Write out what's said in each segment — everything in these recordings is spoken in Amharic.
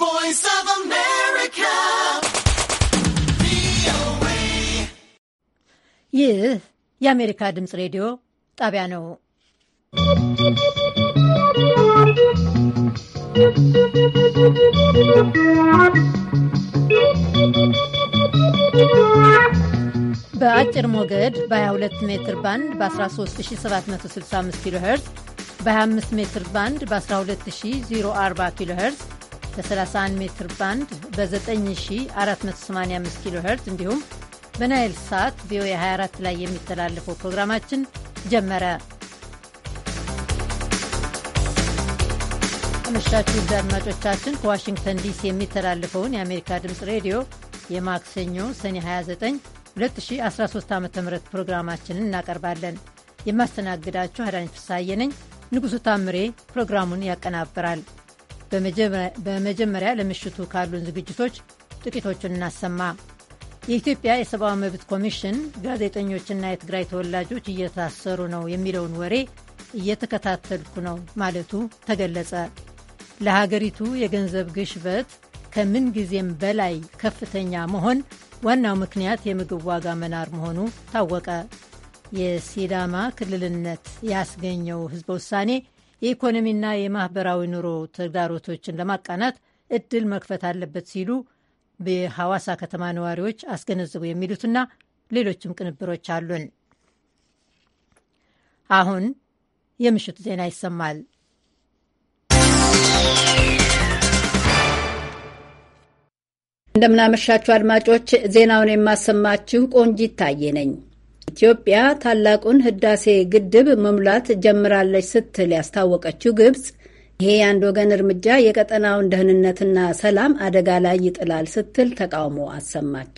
voice of America. ይህ የአሜሪካ ድምፅ ሬዲዮ ጣቢያ ነው። በአጭር ሞገድ በ22 ሜትር ባንድ በ13765 ኪሎ ሄርዝ በ25 ሜትር ባንድ በ12040 ኪሎ ሄርዝ በ31 ሜትር ባንድ በ9485 ኪሎ ሄርት እንዲሁም በናይል ሳት ቪኦኤ 24 ላይ የሚተላለፈው ፕሮግራማችን ጀመረ። አመሻችሁ አድማጮቻችን፣ ከዋሽንግተን ዲሲ የሚተላለፈውን የአሜሪካ ድምፅ ሬዲዮ የማክሰኞ ሰኔ 29 2013 ዓ ም ፕሮግራማችንን እናቀርባለን። የማስተናግዳችሁ አዳኝ ፍሳዬ ነኝ። ንጉሡ ታምሬ ፕሮግራሙን ያቀናብራል። በመጀመሪያ ለምሽቱ ካሉን ዝግጅቶች ጥቂቶቹን እናሰማ። የኢትዮጵያ የሰብአዊ መብት ኮሚሽን ጋዜጠኞችና የትግራይ ተወላጆች እየታሰሩ ነው የሚለውን ወሬ እየተከታተልኩ ነው ማለቱ ተገለጸ። ለሀገሪቱ የገንዘብ ግሽበት ከምን ጊዜም በላይ ከፍተኛ መሆን ዋናው ምክንያት የምግብ ዋጋ መናር መሆኑ ታወቀ። የሲዳማ ክልልነት ያስገኘው ህዝበ ውሳኔ የኢኮኖሚና የማህበራዊ ኑሮ ተግዳሮቶችን ለማቃናት እድል መክፈት አለበት ሲሉ በሐዋሳ ከተማ ነዋሪዎች አስገነዘቡ። የሚሉትና ሌሎችም ቅንብሮች አሉን። አሁን የምሽቱ ዜና ይሰማል። እንደምናመሻችሁ አድማጮች፣ ዜናውን የማሰማችሁ ቆንጂት ታዬ ነኝ። ኢትዮጵያ ታላቁን ህዳሴ ግድብ መሙላት ጀምራለች ስትል ያስታወቀችው ግብጽ ይሄ የአንድ ወገን እርምጃ የቀጠናውን ደህንነትና ሰላም አደጋ ላይ ይጥላል ስትል ተቃውሞ አሰማች።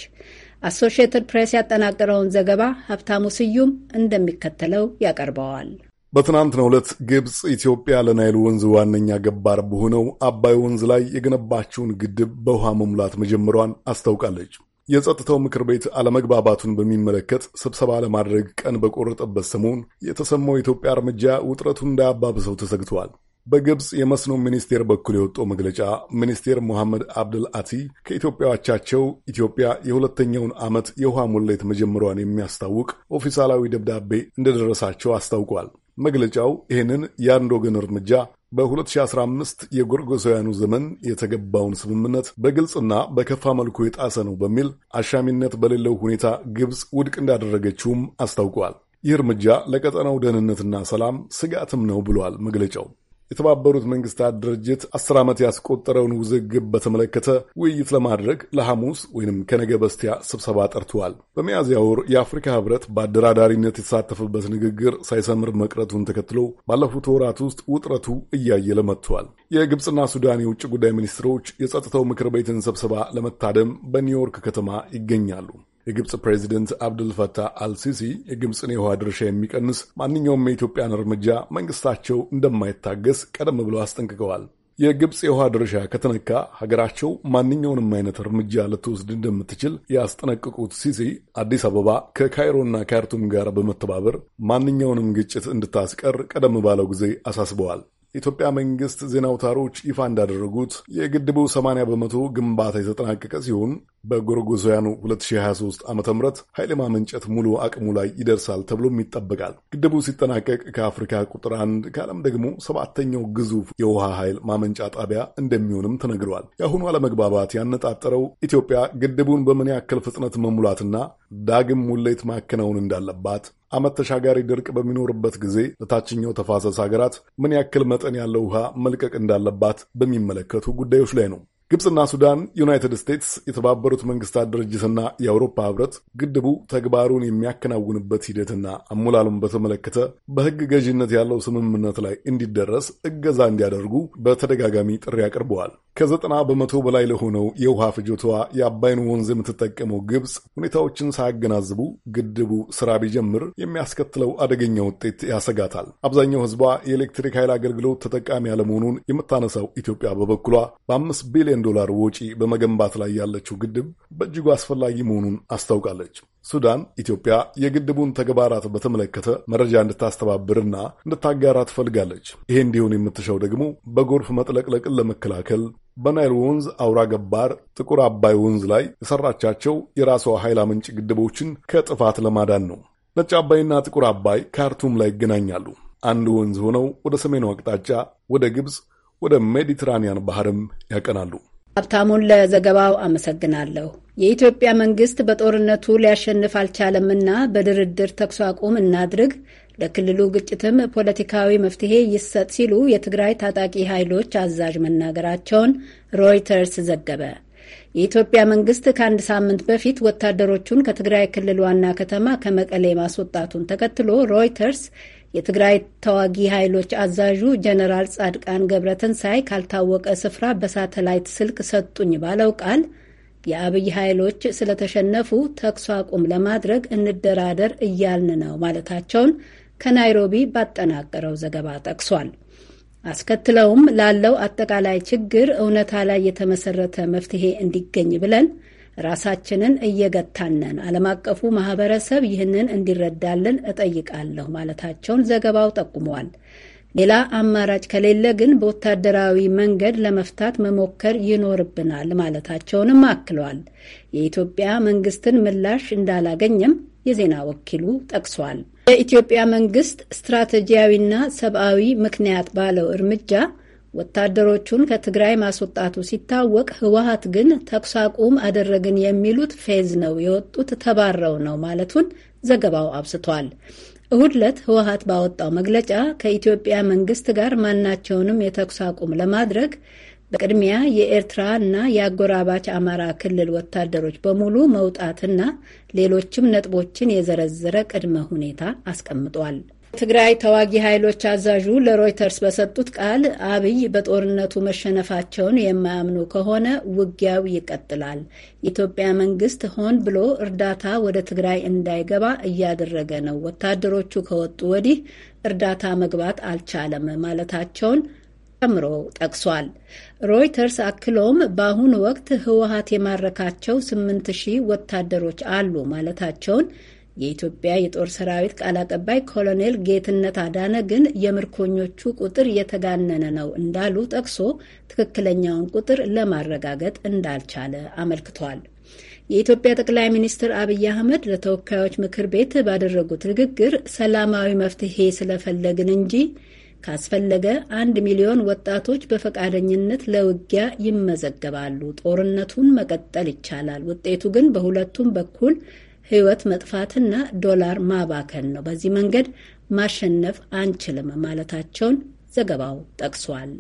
አሶሽየትድ ፕሬስ ያጠናቀረውን ዘገባ ሀብታሙ ስዩም እንደሚከተለው ያቀርበዋል። በትናንትናው ዕለት ግብፅ ኢትዮጵያ ለናይል ወንዝ ዋነኛ ገባር በሆነው አባይ ወንዝ ላይ የገነባችውን ግድብ በውሃ መሙላት መጀመሯን አስታውቃለች። የጸጥታው ምክር ቤት አለመግባባቱን በሚመለከት ስብሰባ ለማድረግ ቀን በቆረጠበት ሰሞን የተሰማው የኢትዮጵያ እርምጃ ውጥረቱን እንዳያባብሰው ተሰግቷል። በግብፅ የመስኖ ሚኒስቴር በኩል የወጣው መግለጫ ሚኒስቴር ሞሐመድ አብድል አቲ ከኢትዮጵያ አቻቸው ኢትዮጵያ የሁለተኛውን ዓመት የውሃ ሙሌት መጀመሯን የሚያስታውቅ ኦፊሳላዊ ደብዳቤ እንደደረሳቸው አስታውቋል። መግለጫው ይህንን የአንድ ወገን እርምጃ በ2015 የጎርጎሳውያኑ ዘመን የተገባውን ስምምነት በግልጽና በከፋ መልኩ የጣሰ ነው በሚል አሻሚነት በሌለው ሁኔታ ግብፅ ውድቅ እንዳደረገችውም አስታውቋል። ይህ እርምጃ ለቀጠናው ደህንነትና ሰላም ስጋትም ነው ብሏል መግለጫው። የተባበሩት መንግስታት ድርጅት አስር ዓመት ያስቆጠረውን ውዝግብ በተመለከተ ውይይት ለማድረግ ለሐሙስ ወይንም ከነገ በስቲያ ስብሰባ ጠርተዋል። በሚያዝያ ወር የአፍሪካ ህብረት በአደራዳሪነት የተሳተፈበት ንግግር ሳይሰምር መቅረቱን ተከትሎ ባለፉት ወራት ውስጥ ውጥረቱ እያየለ መጥቷል። የግብፅና ሱዳን የውጭ ጉዳይ ሚኒስትሮች የጸጥታው ምክር ቤትን ስብሰባ ለመታደም በኒውዮርክ ከተማ ይገኛሉ። የግብፅ ፕሬዚደንት አብዱልፈታህ አልሲሲ የግብፅን የውሃ ድርሻ የሚቀንስ ማንኛውም የኢትዮጵያን እርምጃ መንግስታቸው እንደማይታገስ ቀደም ብለው አስጠንቅቀዋል። የግብፅ የውሃ ድርሻ ከተነካ ሀገራቸው ማንኛውንም አይነት እርምጃ ልትወስድ እንደምትችል ያስጠነቅቁት ሲሲ አዲስ አበባ ከካይሮና ካርቱም ጋር በመተባበር ማንኛውንም ግጭት እንድታስቀር ቀደም ባለው ጊዜ አሳስበዋል። የኢትዮጵያ መንግስት ዜና አውታሮች ይፋ እንዳደረጉት የግድቡ 80 በመቶ ግንባታ የተጠናቀቀ ሲሆን በጎርጎሳውያኑ 2023 ዓ ም ኃይል ማመንጨት ሙሉ አቅሙ ላይ ይደርሳል ተብሎም ይጠበቃል። ግድቡ ሲጠናቀቅ ከአፍሪካ ቁጥር አንድ ከዓለም ደግሞ ሰባተኛው ግዙፍ የውሃ ኃይል ማመንጫ ጣቢያ እንደሚሆንም ተነግረዋል። የአሁኑ አለመግባባት ያነጣጠረው ኢትዮጵያ ግድቡን በምን ያክል ፍጥነት መሙላትና ዳግም ሙሌት ማከናወን እንዳለባት ዓመት ተሻጋሪ ድርቅ በሚኖርበት ጊዜ ለታችኛው ተፋሰስ ሀገራት ምን ያክል መጠን ያለው ውሃ መልቀቅ እንዳለባት በሚመለከቱ ጉዳዮች ላይ ነው። ግብፅና ሱዳን፣ ዩናይትድ ስቴትስ፣ የተባበሩት መንግስታት ድርጅትና የአውሮፓ ህብረት ግድቡ ተግባሩን የሚያከናውንበት ሂደትና አሞላሉን በተመለከተ በህግ ገዢነት ያለው ስምምነት ላይ እንዲደረስ እገዛ እንዲያደርጉ በተደጋጋሚ ጥሪ አቅርበዋል። ከዘጠና በመቶ በላይ ለሆነው የውሃ ፍጆታዋ የአባይን ወንዝ የምትጠቀመው ግብፅ ሁኔታዎችን ሳያገናዝቡ ግድቡ ስራ ቢጀምር የሚያስከትለው አደገኛ ውጤት ያሰጋታል። አብዛኛው ህዝቧ የኤሌክትሪክ ኃይል አገልግሎት ተጠቃሚ ያለመሆኑን የምታነሳው ኢትዮጵያ በበኩሏ በአምስት ቢሊዮን ቢሊዮን ዶላር ወጪ በመገንባት ላይ ያለችው ግድብ በእጅጉ አስፈላጊ መሆኑን አስታውቃለች። ሱዳን ኢትዮጵያ የግድቡን ተግባራት በተመለከተ መረጃ እንድታስተባብርና እንድታጋራ ትፈልጋለች። ይሄ እንዲሆን የምትሻው ደግሞ በጎርፍ መጥለቅለቅን ለመከላከል በናይል ወንዝ አውራ ገባር ጥቁር አባይ ወንዝ ላይ የሰራቻቸው የራሷ ኃይል አመንጭ ግድቦችን ከጥፋት ለማዳን ነው። ነጭ አባይና ጥቁር አባይ ካርቱም ላይ ይገናኛሉ። አንድ ወንዝ ሆነው ወደ ሰሜኑ አቅጣጫ ወደ ግብፅ ወደ ሜዲትራኒያን ባህርም ያቀናሉ። ሀብታሙን ለዘገባው አመሰግናለሁ። የኢትዮጵያ መንግስት በጦርነቱ ሊያሸንፍ አልቻለምና በድርድር ተኩስ አቁም እናድርግ፣ ለክልሉ ግጭትም ፖለቲካዊ መፍትሄ ይሰጥ ሲሉ የትግራይ ታጣቂ ኃይሎች አዛዥ መናገራቸውን ሮይተርስ ዘገበ። የኢትዮጵያ መንግስት ከአንድ ሳምንት በፊት ወታደሮቹን ከትግራይ ክልል ዋና ከተማ ከመቀሌ ማስወጣቱን ተከትሎ ሮይተርስ የትግራይ ተዋጊ ኃይሎች አዛዡ ጀነራል ጻድቃን ገብረትንሳይ ካልታወቀ ስፍራ በሳተላይት ስልክ ሰጡኝ ባለው ቃል የአብይ ኃይሎች ስለተሸነፉ ተኩስ አቁም ለማድረግ እንደራደር እያልን ነው ማለታቸውን ከናይሮቢ ባጠናቀረው ዘገባ ጠቅሷል። አስከትለውም ላለው አጠቃላይ ችግር እውነታ ላይ የተመሰረተ መፍትሄ እንዲገኝ ብለን ራሳችንን እየገታነን፣ ዓለም አቀፉ ማህበረሰብ ይህንን እንዲረዳልን እጠይቃለሁ ማለታቸውን ዘገባው ጠቁመዋል። ሌላ አማራጭ ከሌለ ግን በወታደራዊ መንገድ ለመፍታት መሞከር ይኖርብናል ማለታቸውንም አክለዋል። የኢትዮጵያ መንግስትን ምላሽ እንዳላገኘም የዜና ወኪሉ ጠቅሷል። የኢትዮጵያ መንግስት ስትራቴጂያዊና ሰብአዊ ምክንያት ባለው እርምጃ ወታደሮቹን ከትግራይ ማስወጣቱ ሲታወቅ ህወሀት ግን ተኩስ አቁም አደረግን የሚሉት ፌዝ ነው የወጡት ተባረው ነው ማለቱን ዘገባው አብስቷል። እሁድ ዕለት ህወሀት ባወጣው መግለጫ ከኢትዮጵያ መንግስት ጋር ማናቸውንም የተኩስ አቁም ለማድረግ በቅድሚያ የኤርትራ እና የአጎራባች አማራ ክልል ወታደሮች በሙሉ መውጣትና ሌሎችም ነጥቦችን የዘረዘረ ቅድመ ሁኔታ አስቀምጧል። ትግራይ ተዋጊ ኃይሎች አዛዡ ለሮይተርስ በሰጡት ቃል አብይ በጦርነቱ መሸነፋቸውን የማያምኑ ከሆነ ውጊያው ይቀጥላል። የኢትዮጵያ መንግስት ሆን ብሎ እርዳታ ወደ ትግራይ እንዳይገባ እያደረገ ነው። ወታደሮቹ ከወጡ ወዲህ እርዳታ መግባት አልቻለም ማለታቸውን ጨምሮ ጠቅሷል። ሮይተርስ አክሎም በአሁኑ ወቅት ህወሀት የማረካቸው ስምንት ሺህ ወታደሮች አሉ ማለታቸውን የኢትዮጵያ የጦር ሰራዊት ቃል አቀባይ ኮሎኔል ጌትነት አዳነ ግን የምርኮኞቹ ቁጥር የተጋነነ ነው እንዳሉ ጠቅሶ ትክክለኛውን ቁጥር ለማረጋገጥ እንዳልቻለ አመልክቷል። የኢትዮጵያ ጠቅላይ ሚኒስትር አብይ አህመድ ለተወካዮች ምክር ቤት ባደረጉት ንግግር ሰላማዊ መፍትሄ ስለፈለግን እንጂ ካስፈለገ አንድ ሚሊዮን ወጣቶች በፈቃደኝነት ለውጊያ ይመዘገባሉ። ጦርነቱን መቀጠል ይቻላል። ውጤቱ ግን በሁለቱም በኩል ህይወት መጥፋትና ዶላር ማባከን ነው። በዚህ መንገድ ማሸነፍ አንችልም ማለታቸውን ዘገባው ጠቅሷል።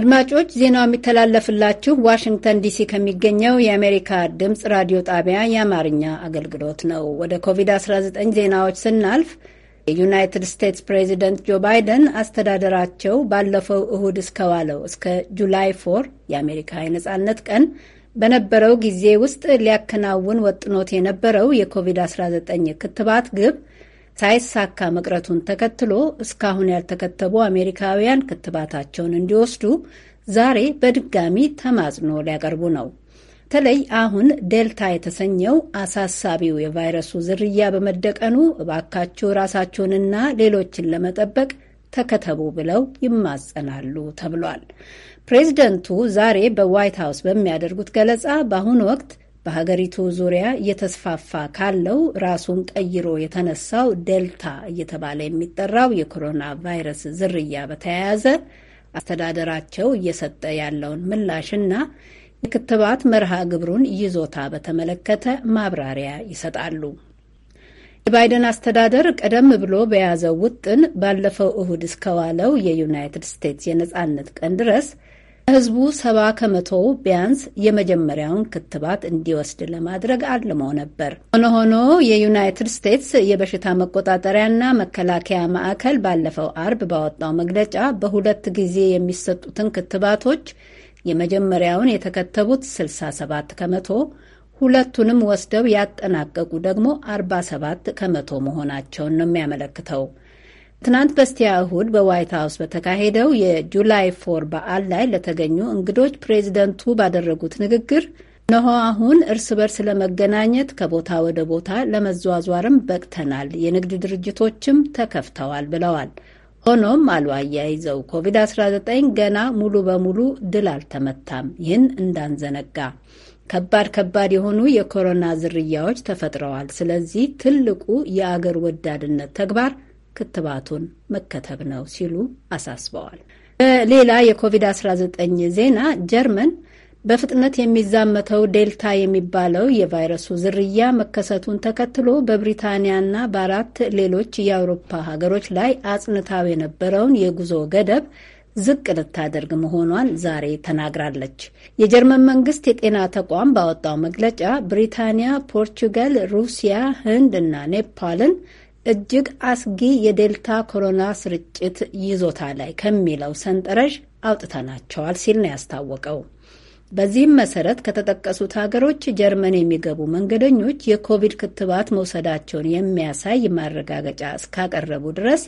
አድማጮች ዜናው የሚተላለፍላችሁ ዋሽንግተን ዲሲ ከሚገኘው የአሜሪካ ድምፅ ራዲዮ ጣቢያ የአማርኛ አገልግሎት ነው። ወደ ኮቪድ-19 ዜናዎች ስናልፍ የዩናይትድ ስቴትስ ፕሬዚደንት ጆ ባይደን አስተዳደራቸው ባለፈው እሁድ እስከዋለው እስከ ጁላይ ፎር የአሜሪካ የነጻነት ቀን በነበረው ጊዜ ውስጥ ሊያከናውን ወጥኖት የነበረው የኮቪድ-19 ክትባት ግብ ሳይሳካ መቅረቱን ተከትሎ እስካሁን ያልተከተቡ አሜሪካውያን ክትባታቸውን እንዲወስዱ ዛሬ በድጋሚ ተማጽኖ ሊያቀርቡ ነው። በተለይ አሁን ዴልታ የተሰኘው አሳሳቢው የቫይረሱ ዝርያ በመደቀኑ እባካችሁ ራሳችሁንና ሌሎችን ለመጠበቅ ተከተቡ ብለው ይማጸናሉ ተብሏል። ፕሬዝደንቱ ዛሬ በዋይት ሀውስ በሚያደርጉት ገለጻ በአሁኑ ወቅት በሀገሪቱ ዙሪያ እየተስፋፋ ካለው ራሱን ቀይሮ የተነሳው ዴልታ እየተባለ የሚጠራው የኮሮና ቫይረስ ዝርያ በተያያዘ አስተዳደራቸው እየሰጠ ያለውን ምላሽና የክትባት መርሃ ግብሩን ይዞታ በተመለከተ ማብራሪያ ይሰጣሉ። የባይደን አስተዳደር ቀደም ብሎ በያዘው ውጥን ባለፈው እሁድ እስከዋለው የዩናይትድ ስቴትስ የነጻነት ቀን ድረስ ህዝቡ ሰባ ከመቶ ቢያንስ የመጀመሪያውን ክትባት እንዲወስድ ለማድረግ አልሞ ነበር። ሆኖ ሆኖ የዩናይትድ ስቴትስ የበሽታ መቆጣጠሪያና መከላከያ ማዕከል ባለፈው አርብ ባወጣው መግለጫ በሁለት ጊዜ የሚሰጡትን ክትባቶች የመጀመሪያውን የተከተቡት 67 ከመቶ ሁለቱንም ወስደው ያጠናቀቁ ደግሞ 47 ከመቶ መሆናቸውን ነው የሚያመለክተው። ትናንት በስቲያ እሁድ በዋይት ሀውስ በተካሄደው የጁላይ ፎር በዓል ላይ ለተገኙ እንግዶች ፕሬዚደንቱ ባደረጉት ንግግር እነሆ አሁን እርስ በርስ ለመገናኘት ከቦታ ወደ ቦታ ለመዟዟርም በቅተናል፣ የንግድ ድርጅቶችም ተከፍተዋል ብለዋል። ሆኖም አሉ አያይዘው ኮቪድ-19 ገና ሙሉ በሙሉ ድል አልተመታም። ይህን እንዳንዘነጋ ከባድ ከባድ የሆኑ የኮሮና ዝርያዎች ተፈጥረዋል። ስለዚህ ትልቁ የአገር ወዳድነት ተግባር ክትባቱን መከተብ ነው ሲሉ አሳስበዋል። በሌላ የኮቪድ-19 ዜና ጀርመን በፍጥነት የሚዛመተው ዴልታ የሚባለው የቫይረሱ ዝርያ መከሰቱን ተከትሎ በብሪታንያና በአራት ሌሎች የአውሮፓ ሀገሮች ላይ አጽንታው የነበረውን የጉዞ ገደብ ዝቅ ልታደርግ መሆኗን ዛሬ ተናግራለች። የጀርመን መንግስት የጤና ተቋም ባወጣው መግለጫ ብሪታንያ፣ ፖርቹጋል፣ ሩሲያ፣ ህንድ እና ኔፓልን እጅግ አስጊ የዴልታ ኮሮና ስርጭት ይዞታ ላይ ከሚለው ሰንጠረዥ አውጥተናቸዋል ሲል ነው ያስታወቀው። በዚህም መሰረት ከተጠቀሱት ሀገሮች ጀርመን የሚገቡ መንገደኞች የኮቪድ ክትባት መውሰዳቸውን የሚያሳይ ማረጋገጫ እስካቀረቡ ድረስ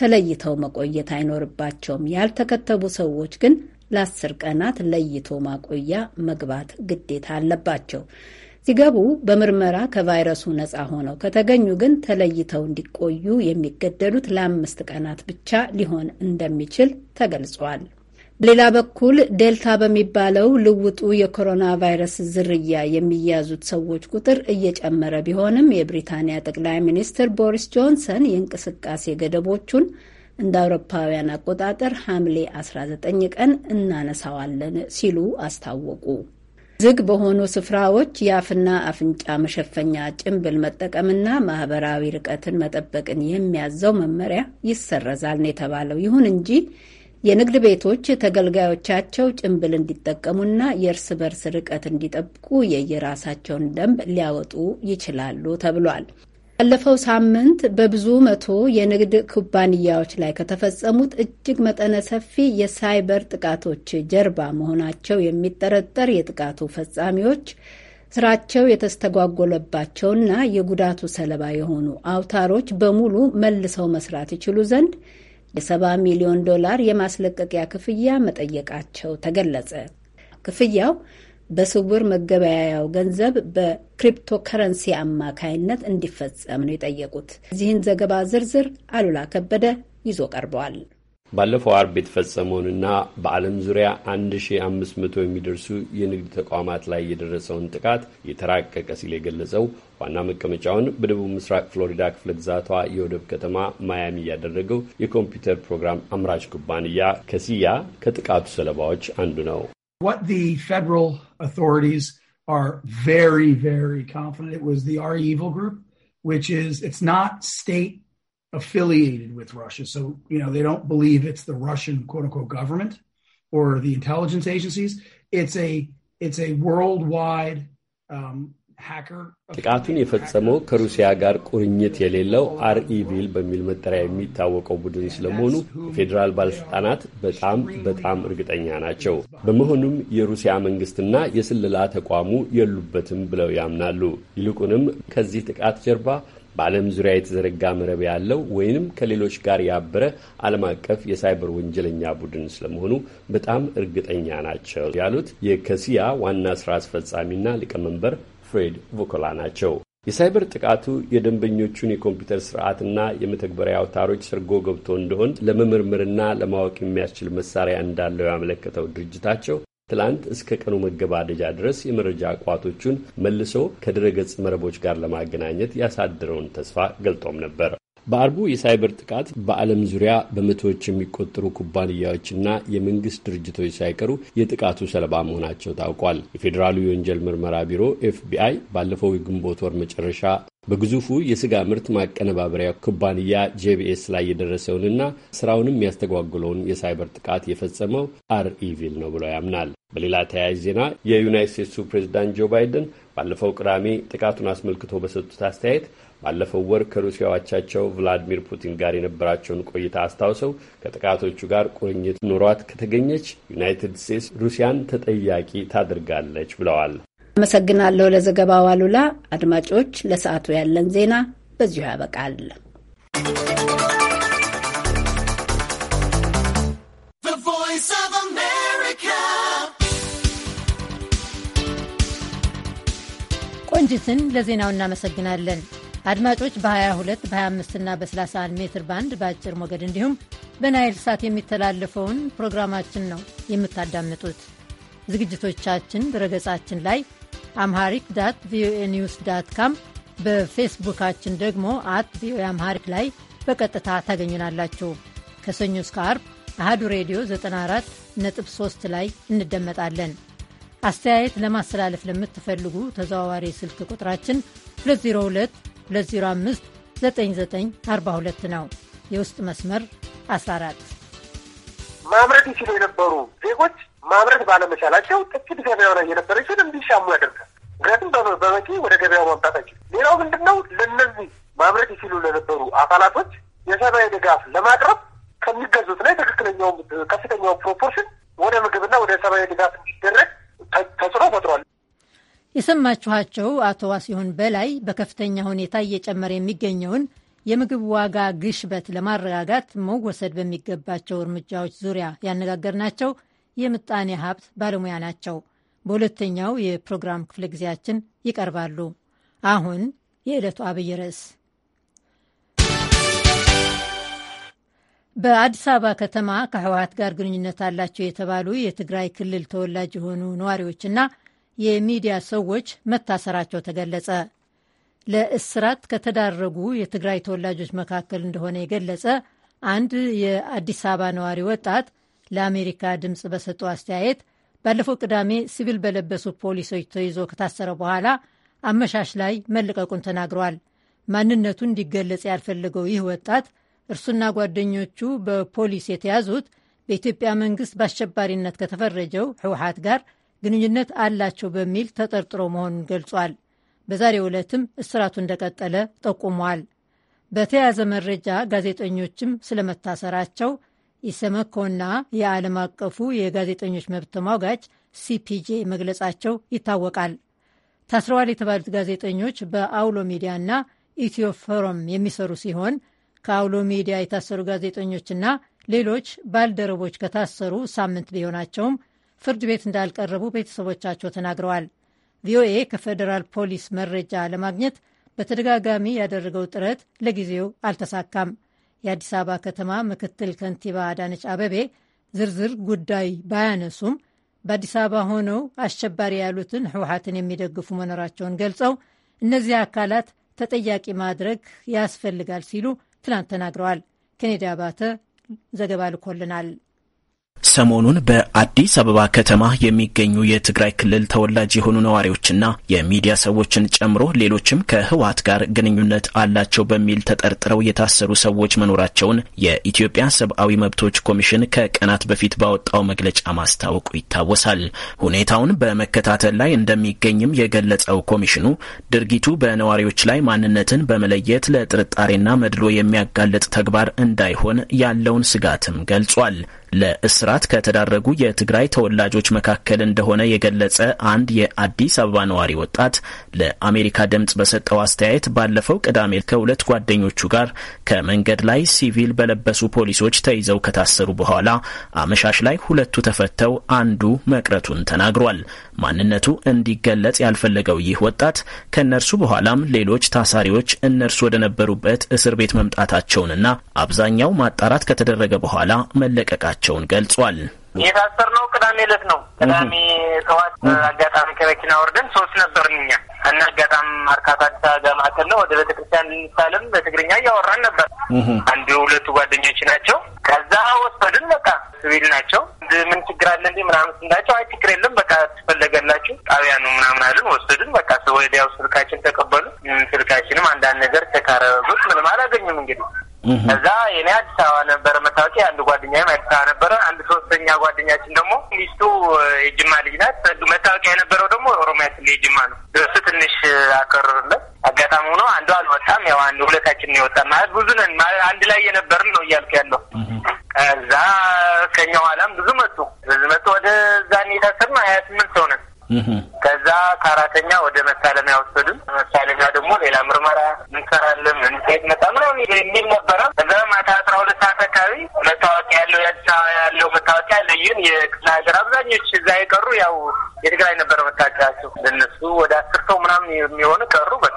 ተለይተው መቆየት አይኖርባቸውም። ያልተከተቡ ሰዎች ግን ለአስር ቀናት ለይቶ ማቆያ መግባት ግዴታ አለባቸው። ሲገቡ በምርመራ ከቫይረሱ ነፃ ሆነው ከተገኙ ግን ተለይተው እንዲቆዩ የሚገደዱት ለአምስት ቀናት ብቻ ሊሆን እንደሚችል ተገልጿል። በሌላ በኩል ዴልታ በሚባለው ልውጡ የኮሮና ቫይረስ ዝርያ የሚያዙት ሰዎች ቁጥር እየጨመረ ቢሆንም የብሪታንያ ጠቅላይ ሚኒስትር ቦሪስ ጆንሰን የእንቅስቃሴ ገደቦቹን እንደ አውሮፓውያን አቆጣጠር ሐምሌ 19 ቀን እናነሳዋለን ሲሉ አስታወቁ። ዝግ በሆኑ ስፍራዎች የአፍና አፍንጫ መሸፈኛ ጭንብል መጠቀምና ማህበራዊ ርቀትን መጠበቅን የሚያዘው መመሪያ ይሰረዛል ነው የተባለው። ይሁን እንጂ የንግድ ቤቶች ተገልጋዮቻቸው ጭንብል እንዲጠቀሙና የእርስ በርስ ርቀት እንዲጠብቁ የየራሳቸውን ደንብ ሊያወጡ ይችላሉ ተብሏል። ባለፈው ሳምንት በብዙ መቶ የንግድ ኩባንያዎች ላይ ከተፈጸሙት እጅግ መጠነ ሰፊ የሳይበር ጥቃቶች ጀርባ መሆናቸው የሚጠረጠር የጥቃቱ ፈጻሚዎች ስራቸው የተስተጓጎለባቸውና የጉዳቱ ሰለባ የሆኑ አውታሮች በሙሉ መልሰው መስራት ይችሉ ዘንድ የ ሚሊዮን ዶላር የማስለቀቂያ ክፍያ መጠየቃቸው ተገለጸ። ክፍያው በስውር መገበያያው ገንዘብ በክሪፕቶከረንሲ አማካይነት እንዲፈጸም ነው የጠየቁት። እዚህን ዘገባ ዝርዝር አሉላ ከበደ ይዞ ቀርበዋል። ባለፈው አርብ የተፈጸመውንና በዓለም ዙሪያ 1500 የሚደርሱ የንግድ ተቋማት ላይ የደረሰውን ጥቃት የተራቀቀ ሲል የገለጸው ዋና መቀመጫውን በደቡብ ምስራቅ ፍሎሪዳ ክፍለ ግዛቷ የወደብ ከተማ ማያሚ ያደረገው የኮምፒውተር ፕሮግራም አምራች ኩባንያ ከሲያ ከጥቃቱ ሰለባዎች አንዱ ነው። what the federal authorities are very, very confident it was the R Evil group, which is it's not state affiliated with Russia. So, you know, they don't believe it's the Russian quote unquote government or the intelligence agencies. It's a it's a worldwide um, ጥቃቱን የፈጸመው ከሩሲያ ጋር ቁርኝት የሌለው አርኢቪል በሚል መጠሪያ የሚታወቀው ቡድን ስለመሆኑ የፌዴራል ባለሥልጣናት በጣም በጣም እርግጠኛ ናቸው። በመሆኑም የሩሲያ መንግስትና የስለላ ተቋሙ የሉበትም ብለው ያምናሉ። ይልቁንም ከዚህ ጥቃት ጀርባ በዓለም ዙሪያ የተዘረጋ መረብ ያለው ወይንም ከሌሎች ጋር ያበረ ዓለም አቀፍ የሳይበር ወንጀለኛ ቡድን ስለመሆኑ በጣም እርግጠኛ ናቸው ያሉት የከሲያ ዋና ስራ አስፈጻሚና ሊቀመንበር ፍሬድ ቮኮላ ናቸው። የሳይበር ጥቃቱ የደንበኞቹን የኮምፒውተር ስርዓትና የመተግበሪያ አውታሮች ሰርጎ ገብቶ እንደሆን ለመመርመርና ለማወቅ የሚያስችል መሳሪያ እንዳለው ያመለከተው ድርጅታቸው ትላንት እስከ ቀኑ መገባደጃ ድረስ የመረጃ ቋቶቹን መልሶ ከድረገጽ መረቦች ጋር ለማገናኘት ያሳድረውን ተስፋ ገልጦም ነበር። በአርቡ የሳይበር ጥቃት በዓለም ዙሪያ በመቶዎች የሚቆጠሩ ኩባንያዎችና የመንግስት ድርጅቶች ሳይቀሩ የጥቃቱ ሰለባ መሆናቸው ታውቋል። የፌዴራሉ የወንጀል ምርመራ ቢሮ ኤፍቢአይ ባለፈው የግንቦት ወር መጨረሻ በግዙፉ የስጋ ምርት ማቀነባበሪያ ኩባንያ ጄቢኤስ ላይ የደረሰውንና ስራውንም ያስተጓጉለውን የሳይበር ጥቃት የፈጸመው አርኢቪል ነው ብሎ ያምናል። በሌላ ተያያዥ ዜና የዩናይት ስቴትሱ ፕሬዚዳንት ጆ ባይደን ባለፈው ቅዳሜ ጥቃቱን አስመልክቶ በሰጡት አስተያየት ባለፈው ወር ከሩሲያ አቻቸው ቭላዲሚር ፑቲን ጋር የነበራቸውን ቆይታ አስታውሰው ከጥቃቶቹ ጋር ቁርኝት ኑሯት ከተገኘች ዩናይትድ ስቴትስ ሩሲያን ተጠያቂ ታደርጋለች ብለዋል። አመሰግናለሁ ለዘገባው አሉላ። አድማጮች፣ ለሰዓቱ ያለን ዜና በዚሁ ያበቃል። ቆንጅትን ለዜናው እናመሰግናለን። አድማጮች በ22 በ25ና በ31 ሜትር ባንድ በአጭር ሞገድ እንዲሁም በናይል ሳት የሚተላለፈውን ፕሮግራማችን ነው የምታዳምጡት። ዝግጅቶቻችን ድረገጻችን ላይ አምሃሪክ ዳት ቪኦኤ ኒውስ ዳት ካም፣ በፌስቡካችን ደግሞ አት ቪኦኤ አምሃሪክ ላይ በቀጥታ ታገኙናላችሁ። ከሰኞ እስከ አርብ አሃዱ ሬዲዮ 94.3 ላይ እንደመጣለን። አስተያየት ለማስተላለፍ ለምትፈልጉ ተዘዋዋሪ ስልክ ቁጥራችን 202 205 ነው። የውስጥ መስመር 14 ማምረት ይችሉ የነበሩ ዜጎች ማምረት ባለመቻላቸው ጥቂት ገበያው ላይ የነበረችን እንዲሻሙ ያደርጋል። ምክንያቱም በበቂ ወደ ገበያው ማምጣት አይችልም። ሌላው ምንድን ነው? ለእነዚህ ማምረት ይችሉ ለነበሩ አካላቶች የሰብአዊ ድጋፍ ለማቅረብ ከሚገዙት ላይ ትክክለኛው ከፍተኛው ፕሮፖርሽን ወደ ምግብና ወደ ሰብአዊ ድጋፍ እንዲደረግ ተጽዕኖ ፈጥሯል። የሰማችኋቸው አቶ ዋሲሁን በላይ በከፍተኛ ሁኔታ እየጨመረ የሚገኘውን የምግብ ዋጋ ግሽበት ለማረጋጋት መወሰድ በሚገባቸው እርምጃዎች ዙሪያ ያነጋገርናቸው የምጣኔ ሀብት ባለሙያ ናቸው። በሁለተኛው የፕሮግራም ክፍለ ጊዜያችን ይቀርባሉ። አሁን የዕለቱ አብይ ርዕስ በአዲስ አበባ ከተማ ከህወሀት ጋር ግንኙነት አላቸው የተባሉ የትግራይ ክልል ተወላጅ የሆኑ ነዋሪዎችና የሚዲያ ሰዎች መታሰራቸው ተገለጸ። ለእስራት ከተዳረጉ የትግራይ ተወላጆች መካከል እንደሆነ የገለጸ አንድ የአዲስ አበባ ነዋሪ ወጣት ለአሜሪካ ድምፅ በሰጠው አስተያየት ባለፈው ቅዳሜ ሲቪል በለበሱ ፖሊሶች ተይዞ ከታሰረ በኋላ አመሻሽ ላይ መለቀቁን ተናግሯል። ማንነቱ እንዲገለጽ ያልፈለገው ይህ ወጣት እርሱና ጓደኞቹ በፖሊስ የተያዙት በኢትዮጵያ መንግስት በአሸባሪነት ከተፈረጀው ህወሓት ጋር ግንኙነት አላቸው በሚል ተጠርጥሮ መሆኑን ገልጿል። በዛሬ ዕለትም እስራቱ እንደቀጠለ ጠቁሟል። በተያያዘ መረጃ ጋዜጠኞችም ስለመታሰራቸው ኢሰመኮና የዓለም አቀፉ የጋዜጠኞች መብት ተሟጋች ሲፒጄ መግለጻቸው ይታወቃል። ታስረዋል የተባሉት ጋዜጠኞች በአውሎ ሚዲያና ኢትዮ ፎረም የሚሰሩ ሲሆን ከአውሎ ሚዲያ የታሰሩ ጋዜጠኞችና ሌሎች ባልደረቦች ከታሰሩ ሳምንት ቢሆናቸውም ፍርድ ቤት እንዳልቀረቡ ቤተሰቦቻቸው ተናግረዋል። ቪኦኤ ከፌዴራል ፖሊስ መረጃ ለማግኘት በተደጋጋሚ ያደረገው ጥረት ለጊዜው አልተሳካም። የአዲስ አበባ ከተማ ምክትል ከንቲባ አዳነች አበቤ ዝርዝር ጉዳይ ባያነሱም በአዲስ አበባ ሆነው አሸባሪ ያሉትን ህወሓትን የሚደግፉ መኖራቸውን ገልጸው እነዚህ አካላት ተጠያቂ ማድረግ ያስፈልጋል ሲሉ ትናንት ተናግረዋል። ኬኔዲ አባተ ዘገባ ልኮልናል። ሰሞኑን በአዲስ አበባ ከተማ የሚገኙ የትግራይ ክልል ተወላጅ የሆኑ ነዋሪዎችና የሚዲያ ሰዎችን ጨምሮ ሌሎችም ከህወሀት ጋር ግንኙነት አላቸው በሚል ተጠርጥረው የታሰሩ ሰዎች መኖራቸውን የኢትዮጵያ ሰብአዊ መብቶች ኮሚሽን ከቀናት በፊት ባወጣው መግለጫ ማስታወቁ ይታወሳል። ሁኔታውን በመከታተል ላይ እንደሚገኝም የገለጸው ኮሚሽኑ ድርጊቱ በነዋሪዎች ላይ ማንነትን በመለየት ለጥርጣሬና መድሎ የሚያጋለጥ ተግባር እንዳይሆን ያለውን ስጋትም ገልጿል። ለእስራት ከተዳረጉ የትግራይ ተወላጆች መካከል እንደሆነ የገለጸ አንድ የአዲስ አበባ ነዋሪ ወጣት ለአሜሪካ ድምፅ በሰጠው አስተያየት ባለፈው ቅዳሜ ከሁለት ጓደኞቹ ጋር ከመንገድ ላይ ሲቪል በለበሱ ፖሊሶች ተይዘው ከታሰሩ በኋላ አመሻሽ ላይ ሁለቱ ተፈተው አንዱ መቅረቱን ተናግሯል። ማንነቱ እንዲገለጽ ያልፈለገው ይህ ወጣት ከእነርሱ በኋላም ሌሎች ታሳሪዎች እነርሱ ወደነበሩበት እስር ቤት መምጣታቸውንና አብዛኛው ማጣራት ከተደረገ በኋላ መለቀቃቸው መሆናቸውን ገልጿል። የታሰርነው ቅዳሜ ዕለት ነው። ቅዳሜ ጠዋት አጋጣሚ ከመኪና ወርደን ሶስት ነበርን እኛ እና አጋጣሚ አርካታ አዲስ አበባ ማዕከል ነው ወደ ቤተክርስቲያን ልንሳለም በትግርኛ እያወራን ነበር። አንድ ሁለቱ ጓደኞች ናቸው። ከዛ ወሰድን። በቃ ሲቪል ናቸው። ምን ችግር አለ እንዴ ምናምን ስንላቸው አይ ችግር የለም በቃ ትፈለገላችሁ ጣቢያ ነው ምናምን አለን። ወሰድን። በቃ ወዲያው ስልካችን ተቀበሉ። ስልካችንም አንዳንድ ነገር ተካረበት ምንም አላገኙም እንግዲህ እዛ የኔ አዲስ አበባ ነበረ መታወቂያ፣ አንድ ጓደኛዬም አዲስ አበባ ነበረ። አንድ ሶስተኛ ጓደኛችን ደግሞ ሚስቱ የጅማ ልጅ ናት። መታወቂያ የነበረው ደግሞ ኦሮሚያ ክልል የጅማ ነው። እሱ ትንሽ አከረርለት። አጋጣሚ ሆኖ አንዱ አልወጣም። ያው አንድ ሁለታችን ነው የወጣ ማለት ብዙ ነን ማለት አንድ ላይ የነበርን ነው እያልኩ ያለው ከዛ ከኛ ኋላም ብዙ መጡ። ብዙ መጡ ወደ ዛኔ የታሰብን ሀያ ስምንት ሰው ነን። ከዛ ከአራተኛ ወደ መሳለሚያ ወሰዱን። መሳለሚያ ደግሞ ሌላ ምርመራ እንሰራለን እንዴት መጣ ምናምን የሚል ነበረ። ከዛ ማታ አስራ ሁለት ሰዓት አካባቢ መታወቂያ ያለው የአዲስ አበባ ያለው መታወቂያ ለይን የክፍለ ሀገር አብዛኞች እዛ የቀሩ ያው የትግራይ ነበረ መታወቂያቸው ለነሱ ወደ አስር ሰው ምናምን የሚሆኑ ቀሩ በቃ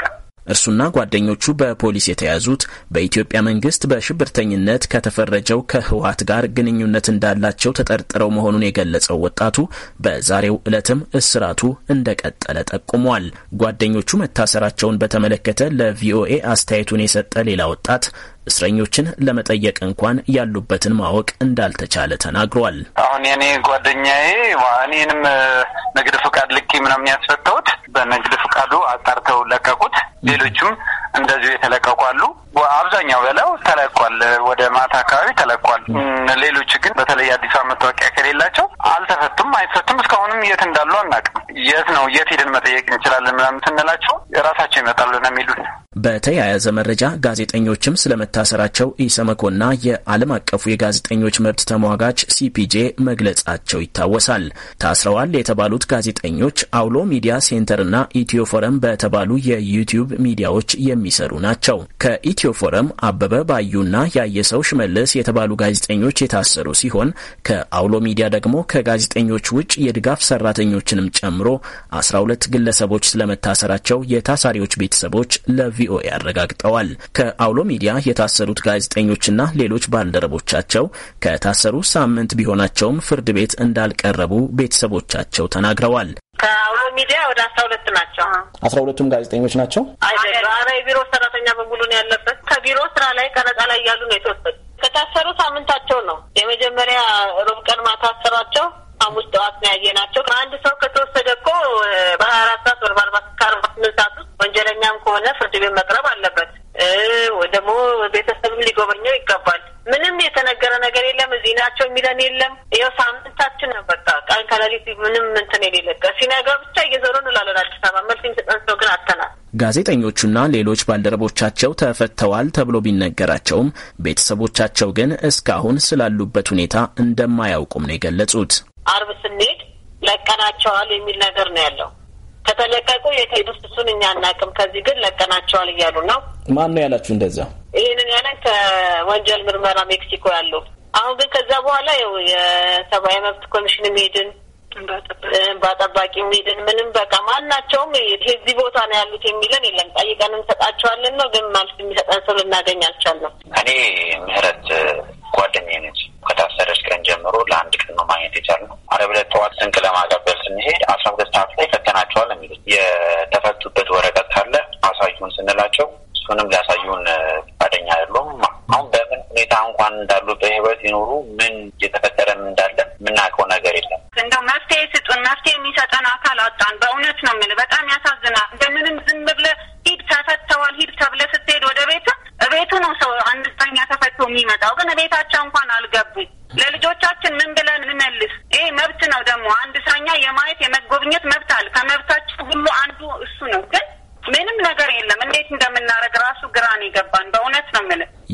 እርሱና ጓደኞቹ በፖሊስ የተያዙት በኢትዮጵያ መንግስት በሽብርተኝነት ከተፈረጀው ከህወሀት ጋር ግንኙነት እንዳላቸው ተጠርጥረው መሆኑን የገለጸው ወጣቱ በዛሬው ዕለትም እስራቱ እንደቀጠለ ጠቁሟል። ጓደኞቹ መታሰራቸውን በተመለከተ ለቪኦኤ አስተያየቱን የሰጠ ሌላ ወጣት እስረኞችን ለመጠየቅ እንኳን ያሉበትን ማወቅ እንዳልተቻለ ተናግሯል። አሁን የኔ ጓደኛዬ እኔንም ንግድ ፍቃድ ልኪ ምናምን ያስፈታሁት በንግድ ፍቃዱ አጣርተው ለቀቁት። ሌሎችም እንደዚሁ የተለቀቁ አሉ። አብዛኛው በለው ተለቋል። ወደ ማታ አካባቢ ተለቋል። ሌሎች ግን በተለይ አዲስ አበባ መታወቂያ ከሌላቸው አልተፈቱም፣ አይፈቱም። እስካሁንም የት እንዳሉ አናውቅም። የት ነው የት ሄደን መጠየቅ እንችላለን ምናምን ስንላቸው ራሳቸው ይመጣሉ ነው የሚሉት። በተያያዘ መረጃ ጋዜጠኞችም ስለመ መታሰራቸው ኢሰመኮና የዓለም አቀፉ የጋዜጠኞች መብት ተሟጋች ሲፒጄ መግለጻቸው ይታወሳል። ታስረዋል የተባሉት ጋዜጠኞች አውሎ ሚዲያ ሴንተርና ኢትዮ ፎረም በተባሉ የዩቲዩብ ሚዲያዎች የሚሰሩ ናቸው። ከኢትዮ ፎረም አበበ ባዩና ያየሰው ሽመልስ የተባሉ ጋዜጠኞች የታሰሩ ሲሆን ከአውሎ ሚዲያ ደግሞ ከጋዜጠኞች ውጭ የድጋፍ ሰራተኞችንም ጨምሮ 12 ግለሰቦች ስለመታሰራቸው የታሳሪዎች ቤተሰቦች ለቪኦኤ አረጋግጠዋል። ከአውሎ ሚዲያ የታሰሩት ጋዜጠኞችና ሌሎች ባልደረቦቻቸው ከታሰሩ ሳምንት ቢሆናቸውም ፍርድ ቤት እንዳልቀረቡ ቤተሰቦቻቸው ተናግረዋል። ከአውሎ ሚዲያ ወደ አስራ ሁለት ናቸው። አስራ ሁለቱም ጋዜጠኞች ናቸው። አረ የቢሮ ሰራተኛ በሙሉ ነው ያለበት። ከቢሮ ስራ ላይ ቀረጻ ላይ እያሉ ነው የተወሰዱ። ከታሰሩ ሳምንታቸው ነው። የመጀመሪያ ሮብ ቀን ማታ አሰሯቸው። ሐሙስ ጠዋት ነው ያየናቸው። ከአንድ ሰው ከተወሰደ እኮ በሀያ አራት ሰዓት ወደ በአርባ ስምንት ሰዓት ውስጥ ወንጀለኛም ከሆነ ፍርድ ቤት መቅረብ አለበት። ደግሞ ቤተሰብም ሊጎበኘው ይገባል። ምንም የተነገረ ነገር የለም። እዚህ ናቸው የሚለን የለም። ይኸው ሳምንታችን ነው በቃ ቀን ከሌሊት ምንም እንትን የሌለቀ ሲነገር ብቻ እየዞሩ እንላለን። አዲስ አበባ መልስ የሚሰጠን ሰው ግን አተናል። ጋዜጠኞቹና ሌሎች ባልደረቦቻቸው ተፈተዋል ተብሎ ቢነገራቸውም ቤተሰቦቻቸው ግን እስካሁን ስላሉበት ሁኔታ እንደማያውቁም ነው የገለጹት። አርብ ስንሄድ ለቀናቸዋል የሚል ነገር ነው ያለው ከተለቀቁ የት ሄዱ? እሱን እኛ አናውቅም። ከዚህ ግን ለቀናቸዋል እያሉ ነው። ማን ነው ያላችሁ እንደዛ? ይህንን ያለን ከወንጀል ምርመራ ሜክሲኮ ያሉ። አሁን ግን ከዛ በኋላ ው የሰብአዊ መብት ኮሚሽን ሚድን በጠባቂ ሚድን ምንም በቃ ማናቸውም የዚህ ቦታ ነው ያሉት የሚለን የለም። ጠይቀን እንሰጣቸዋለን ነው ግን ማልፍ የሚሰጠን ሰው ልናገኝ አልቻልንም። እኔ ምህረት ጓደኛዬ ነች። ከታሰረች ቀን ጀምሮ ለአንድ ቀን ነው ማግኘት የቻልነው። ዓርብ ዕለት ጠዋት ስንቅ ለማቀበል ስንሄድ አስራ ሁለት ሰዓት የተፈቱበት ወረቀት ካለ አሳዩን ስንላቸው እሱንም ሊያሳዩን ፈቃደኛ አይደሉም። አሁን በምን ሁኔታ እንኳን እንዳሉ በህይወት ይኖሩ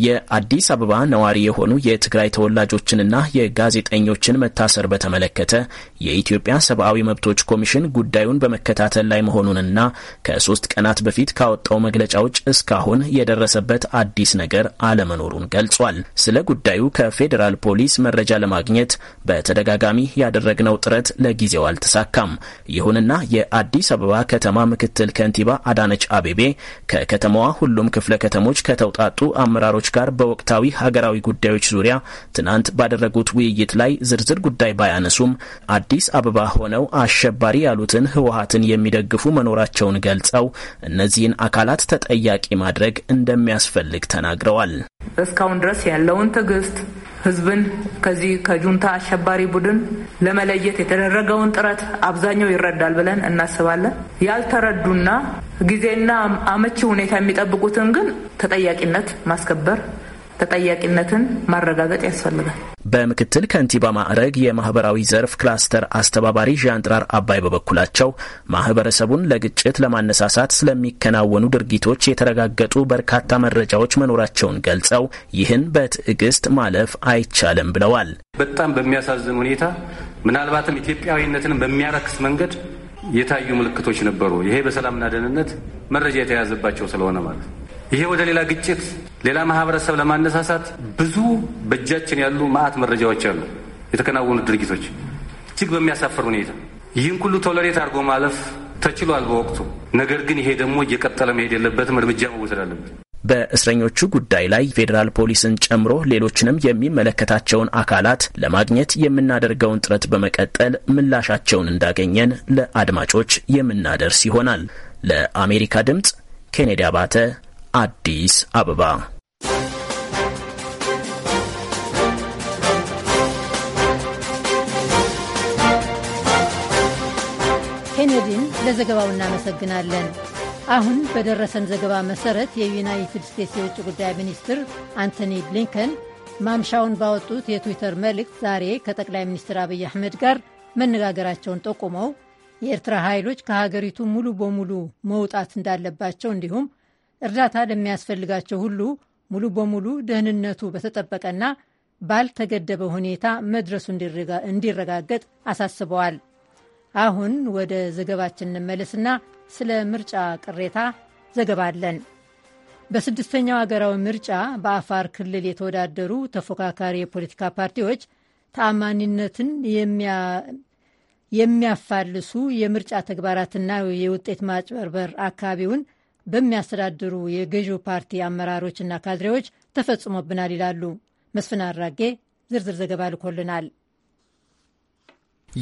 النبي አዲስ አበባ ነዋሪ የሆኑ የትግራይ ተወላጆችንና የጋዜጠኞችን መታሰር በተመለከተ የኢትዮጵያ ሰብአዊ መብቶች ኮሚሽን ጉዳዩን በመከታተል ላይ መሆኑንና ከሶስት ቀናት በፊት ካወጣው መግለጫ ውጭ እስካሁን የደረሰበት አዲስ ነገር አለመኖሩን ገልጿል። ስለ ጉዳዩ ከፌዴራል ፖሊስ መረጃ ለማግኘት በተደጋጋሚ ያደረግነው ጥረት ለጊዜው አልተሳካም። ይሁንና የአዲስ አበባ ከተማ ምክትል ከንቲባ አዳነች አቤቤ ከከተማዋ ሁሉም ክፍለ ከተሞች ከተውጣጡ አመራሮች ጋር በወቅታዊ ሀገራዊ ጉዳዮች ዙሪያ ትናንት ባደረጉት ውይይት ላይ ዝርዝር ጉዳይ ባያነሱም አዲስ አበባ ሆነው አሸባሪ ያሉትን ህወሀትን የሚደግፉ መኖራቸውን ገልጸው እነዚህን አካላት ተጠያቂ ማድረግ እንደሚያስፈልግ ተናግረዋል። እስካሁን ድረስ ያለውን ትዕግስት ህዝብን ከዚህ ከጁንታ አሸባሪ ቡድን ለመለየት የተደረገውን ጥረት አብዛኛው ይረዳል ብለን እናስባለን። ያልተረዱና ጊዜና አመቺ ሁኔታ የሚጠብቁትን ግን ተጠያቂነት ማስከበር ተጠያቂነትን ማረጋገጥ ያስፈልጋል። በምክትል ከንቲባ ማዕረግ የማህበራዊ ዘርፍ ክላስተር አስተባባሪ ዣንጥራር አባይ በበኩላቸው ማህበረሰቡን ለግጭት ለማነሳሳት ስለሚከናወኑ ድርጊቶች የተረጋገጡ በርካታ መረጃዎች መኖራቸውን ገልጸው ይህን በትዕግስት ማለፍ አይቻልም ብለዋል። በጣም በሚያሳዝን ሁኔታ ምናልባትም ኢትዮጵያዊነትን በሚያረክስ መንገድ የታዩ ምልክቶች ነበሩ። ይሄ በሰላምና ደህንነት መረጃ የተያዘባቸው ስለሆነ ማለት ይሄ ወደ ሌላ ግጭት፣ ሌላ ማህበረሰብ ለማነሳሳት ብዙ በእጃችን ያሉ ማአት መረጃዎች አሉ። የተከናወኑ ድርጊቶች እጅግ በሚያሳፍር ሁኔታ ይህን ሁሉ ቶለሬት አድርጎ ማለፍ ተችሏል በወቅቱ። ነገር ግን ይሄ ደግሞ እየቀጠለ መሄድ የለበትም፣ እርምጃ መወሰድ አለበት። በእስረኞቹ ጉዳይ ላይ ፌዴራል ፖሊስን ጨምሮ ሌሎችንም የሚመለከታቸውን አካላት ለማግኘት የምናደርገውን ጥረት በመቀጠል ምላሻቸውን እንዳገኘን ለአድማጮች የምናደርስ ይሆናል። ለአሜሪካ ድምፅ ኬኔዲ አባተ አዲስ አበባ። ኬኔዲን ለዘገባው እናመሰግናለን። አሁን በደረሰን ዘገባ መሰረት የዩናይትድ ስቴትስ የውጭ ጉዳይ ሚኒስትር አንቶኒ ብሊንከን ማምሻውን ባወጡት የትዊተር መልእክት ዛሬ ከጠቅላይ ሚኒስትር አብይ አህመድ ጋር መነጋገራቸውን ጠቁመው የኤርትራ ኃይሎች ከሀገሪቱ ሙሉ በሙሉ መውጣት እንዳለባቸው እንዲሁም እርዳታ ለሚያስፈልጋቸው ሁሉ ሙሉ በሙሉ ደህንነቱ በተጠበቀና ባልተገደበ ሁኔታ መድረሱ እንዲረጋገጥ አሳስበዋል። አሁን ወደ ዘገባችን እንመለስና ስለ ምርጫ ቅሬታ ዘገባ አለን። በስድስተኛው አገራዊ ምርጫ በአፋር ክልል የተወዳደሩ ተፎካካሪ የፖለቲካ ፓርቲዎች ተአማኒነትን የሚያፋልሱ የምርጫ ተግባራትና የውጤት ማጭበርበር አካባቢውን በሚያስተዳድሩ የገዢው ፓርቲ አመራሮችና ካድሬዎች ተፈጽሞብናል ይላሉ። መስፍን አራጌ ዝርዝር ዘገባ ልኮልናል።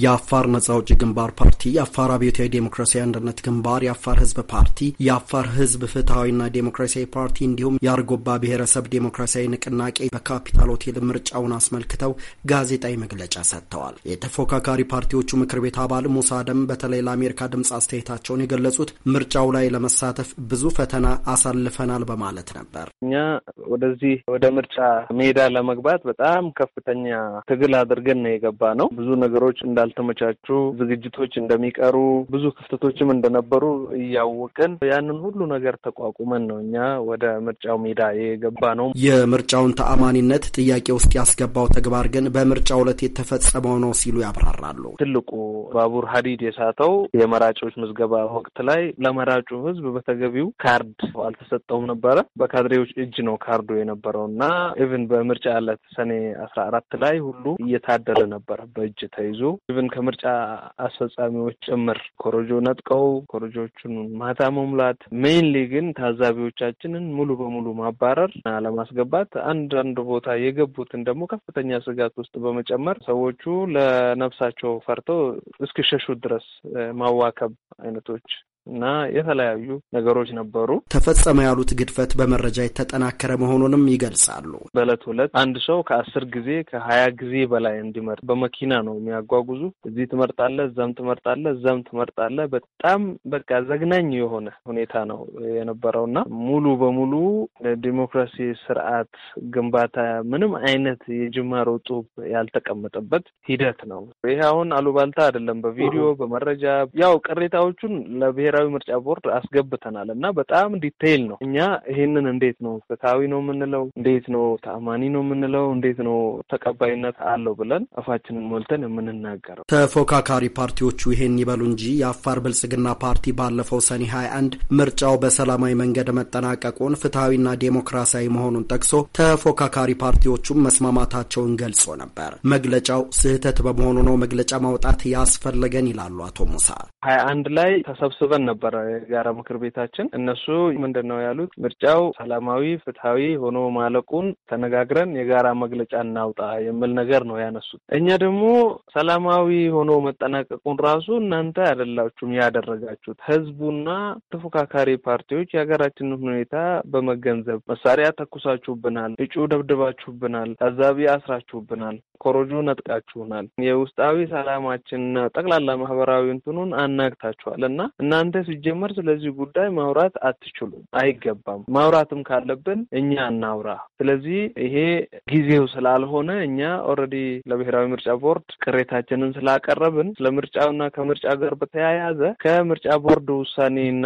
የአፋር ነጻ አውጪ ግንባር ፓርቲ፣ የአፋር አብዮታዊ ዴሞክራሲያዊ አንድነት ግንባር፣ የአፋር ህዝብ ፓርቲ፣ የአፋር ህዝብ ፍትሐዊና ዴሞክራሲያዊ ፓርቲ እንዲሁም የአርጎባ ብሔረሰብ ዴሞክራሲያዊ ንቅናቄ በካፒታል ሆቴል ምርጫውን አስመልክተው ጋዜጣዊ መግለጫ ሰጥተዋል። የተፎካካሪ ፓርቲዎቹ ምክር ቤት አባል ሙሳ አደም በተለይ ለአሜሪካ ድምፅ አስተያየታቸውን የገለጹት ምርጫው ላይ ለመሳተፍ ብዙ ፈተና አሳልፈናል በማለት ነበር። እኛ ወደዚህ ወደ ምርጫ ሜዳ ለመግባት በጣም ከፍተኛ ትግል አድርገን ነው የገባ ነው ብዙ ነገሮች እንዳ እንዳልተመቻቹ ዝግጅቶች እንደሚቀሩ ብዙ ክፍተቶችም እንደነበሩ እያወቅን ያንን ሁሉ ነገር ተቋቁመን ነው እኛ ወደ ምርጫው ሜዳ የገባ ነው። የምርጫውን ተአማኒነት ጥያቄ ውስጥ ያስገባው ተግባር ግን በምርጫው ዕለት የተፈጸመው ነው ሲሉ ያብራራሉ። ትልቁ ባቡር ሀዲድ የሳተው የመራጮች ምዝገባ ወቅት ላይ ለመራጩ ህዝብ በተገቢው ካርድ አልተሰጠውም ነበረ። በካድሬዎች እጅ ነው ካርዱ የነበረው እና ኢቭን በምርጫ ዕለት ሰኔ አስራ አራት ላይ ሁሉ እየታደለ ነበረ በእጅ ተይዞ ኢቭን ከምርጫ አስፈጻሚዎች ጭምር ኮረጆ ነጥቀው ኮረጆቹን ማታ መሙላት፣ ሜይንሊ ግን ታዛቢዎቻችንን ሙሉ በሙሉ ማባረር እና ለማስገባት አንዳንድ ቦታ የገቡትን ደግሞ ከፍተኛ ስጋት ውስጥ በመጨመር ሰዎቹ ለነፍሳቸው ፈርተው እስኪሸሹ ድረስ ማዋከብ አይነቶች እና የተለያዩ ነገሮች ነበሩ። ተፈጸመ ያሉት ግድፈት በመረጃ የተጠናከረ መሆኑንም ይገልጻሉ። በእለት ሁለት አንድ ሰው ከአስር ጊዜ ከሀያ ጊዜ በላይ እንዲመርጥ በመኪና ነው የሚያጓጉዙ። እዚህ ትመርጣለ፣ እዛም ትመርጣለ፣ እዛም ትመርጣለ። በጣም በቃ ዘግናኝ የሆነ ሁኔታ ነው የነበረውና ሙሉ በሙሉ ዲሞክራሲ ስርዓት ግንባታ ምንም አይነት የጅማሮ ጡብ ያልተቀመጠበት ሂደት ነው። ይሄ አሁን አሉባልታ አይደለም። በቪዲዮ በመረጃ ያው ቅሬታዎቹን ለብሔር ብሔራዊ ምርጫ ቦርድ አስገብተናል እና በጣም ዲቴይል ነው። እኛ ይሄንን እንዴት ነው ፍትሐዊ ነው የምንለው? እንዴት ነው ተአማኒ ነው የምንለው? እንዴት ነው ተቀባይነት አለው ብለን አፋችንን ሞልተን የምንናገረው? ተፎካካሪ ፓርቲዎቹ ይሄን ይበሉ እንጂ የአፋር ብልጽግና ፓርቲ ባለፈው ሰኔ ሀያ አንድ ምርጫው በሰላማዊ መንገድ መጠናቀቁን ፍትሐዊና ዴሞክራሲያዊ መሆኑን ጠቅሶ ተፎካካሪ ፓርቲዎቹም መስማማታቸውን ገልጾ ነበር። መግለጫው ስህተት በመሆኑ ነው መግለጫ ማውጣት ያስፈለገን ይላሉ አቶ ሙሳ ሀያ አንድ ላይ ተሰብስበን ነበረ የጋራ ምክር ቤታችን። እነሱ ምንድን ነው ያሉት? ምርጫው ሰላማዊ፣ ፍትሐዊ ሆኖ ማለቁን ተነጋግረን የጋራ መግለጫ እናውጣ የሚል ነገር ነው ያነሱት። እኛ ደግሞ ሰላማዊ ሆኖ መጠናቀቁን ራሱ እናንተ አይደላችሁም ያደረጋችሁት፣ ህዝቡና ተፎካካሪ ፓርቲዎች የሀገራችንን ሁኔታ በመገንዘብ መሳሪያ ተኩሳችሁብናል፣ እጩ ደብድባችሁብናል፣ ታዛቢ አስራችሁብናል፣ ኮሮጆ ነጥቃችሁናል፣ የውስጣዊ ሰላማችንና ጠቅላላ ማህበራዊ እንትኑን አናግታችኋል እና እናንተ እናንተ ሲጀመር ስለዚህ ጉዳይ ማውራት አትችሉም፣ አይገባም። ማውራትም ካለብን እኛ እናውራ። ስለዚህ ይሄ ጊዜው ስላልሆነ እኛ ኦልሬዲ ለብሔራዊ ምርጫ ቦርድ ቅሬታችንን ስላቀረብን ስለ ምርጫውና ከምርጫ ጋር በተያያዘ ከምርጫ ቦርድ ውሳኔና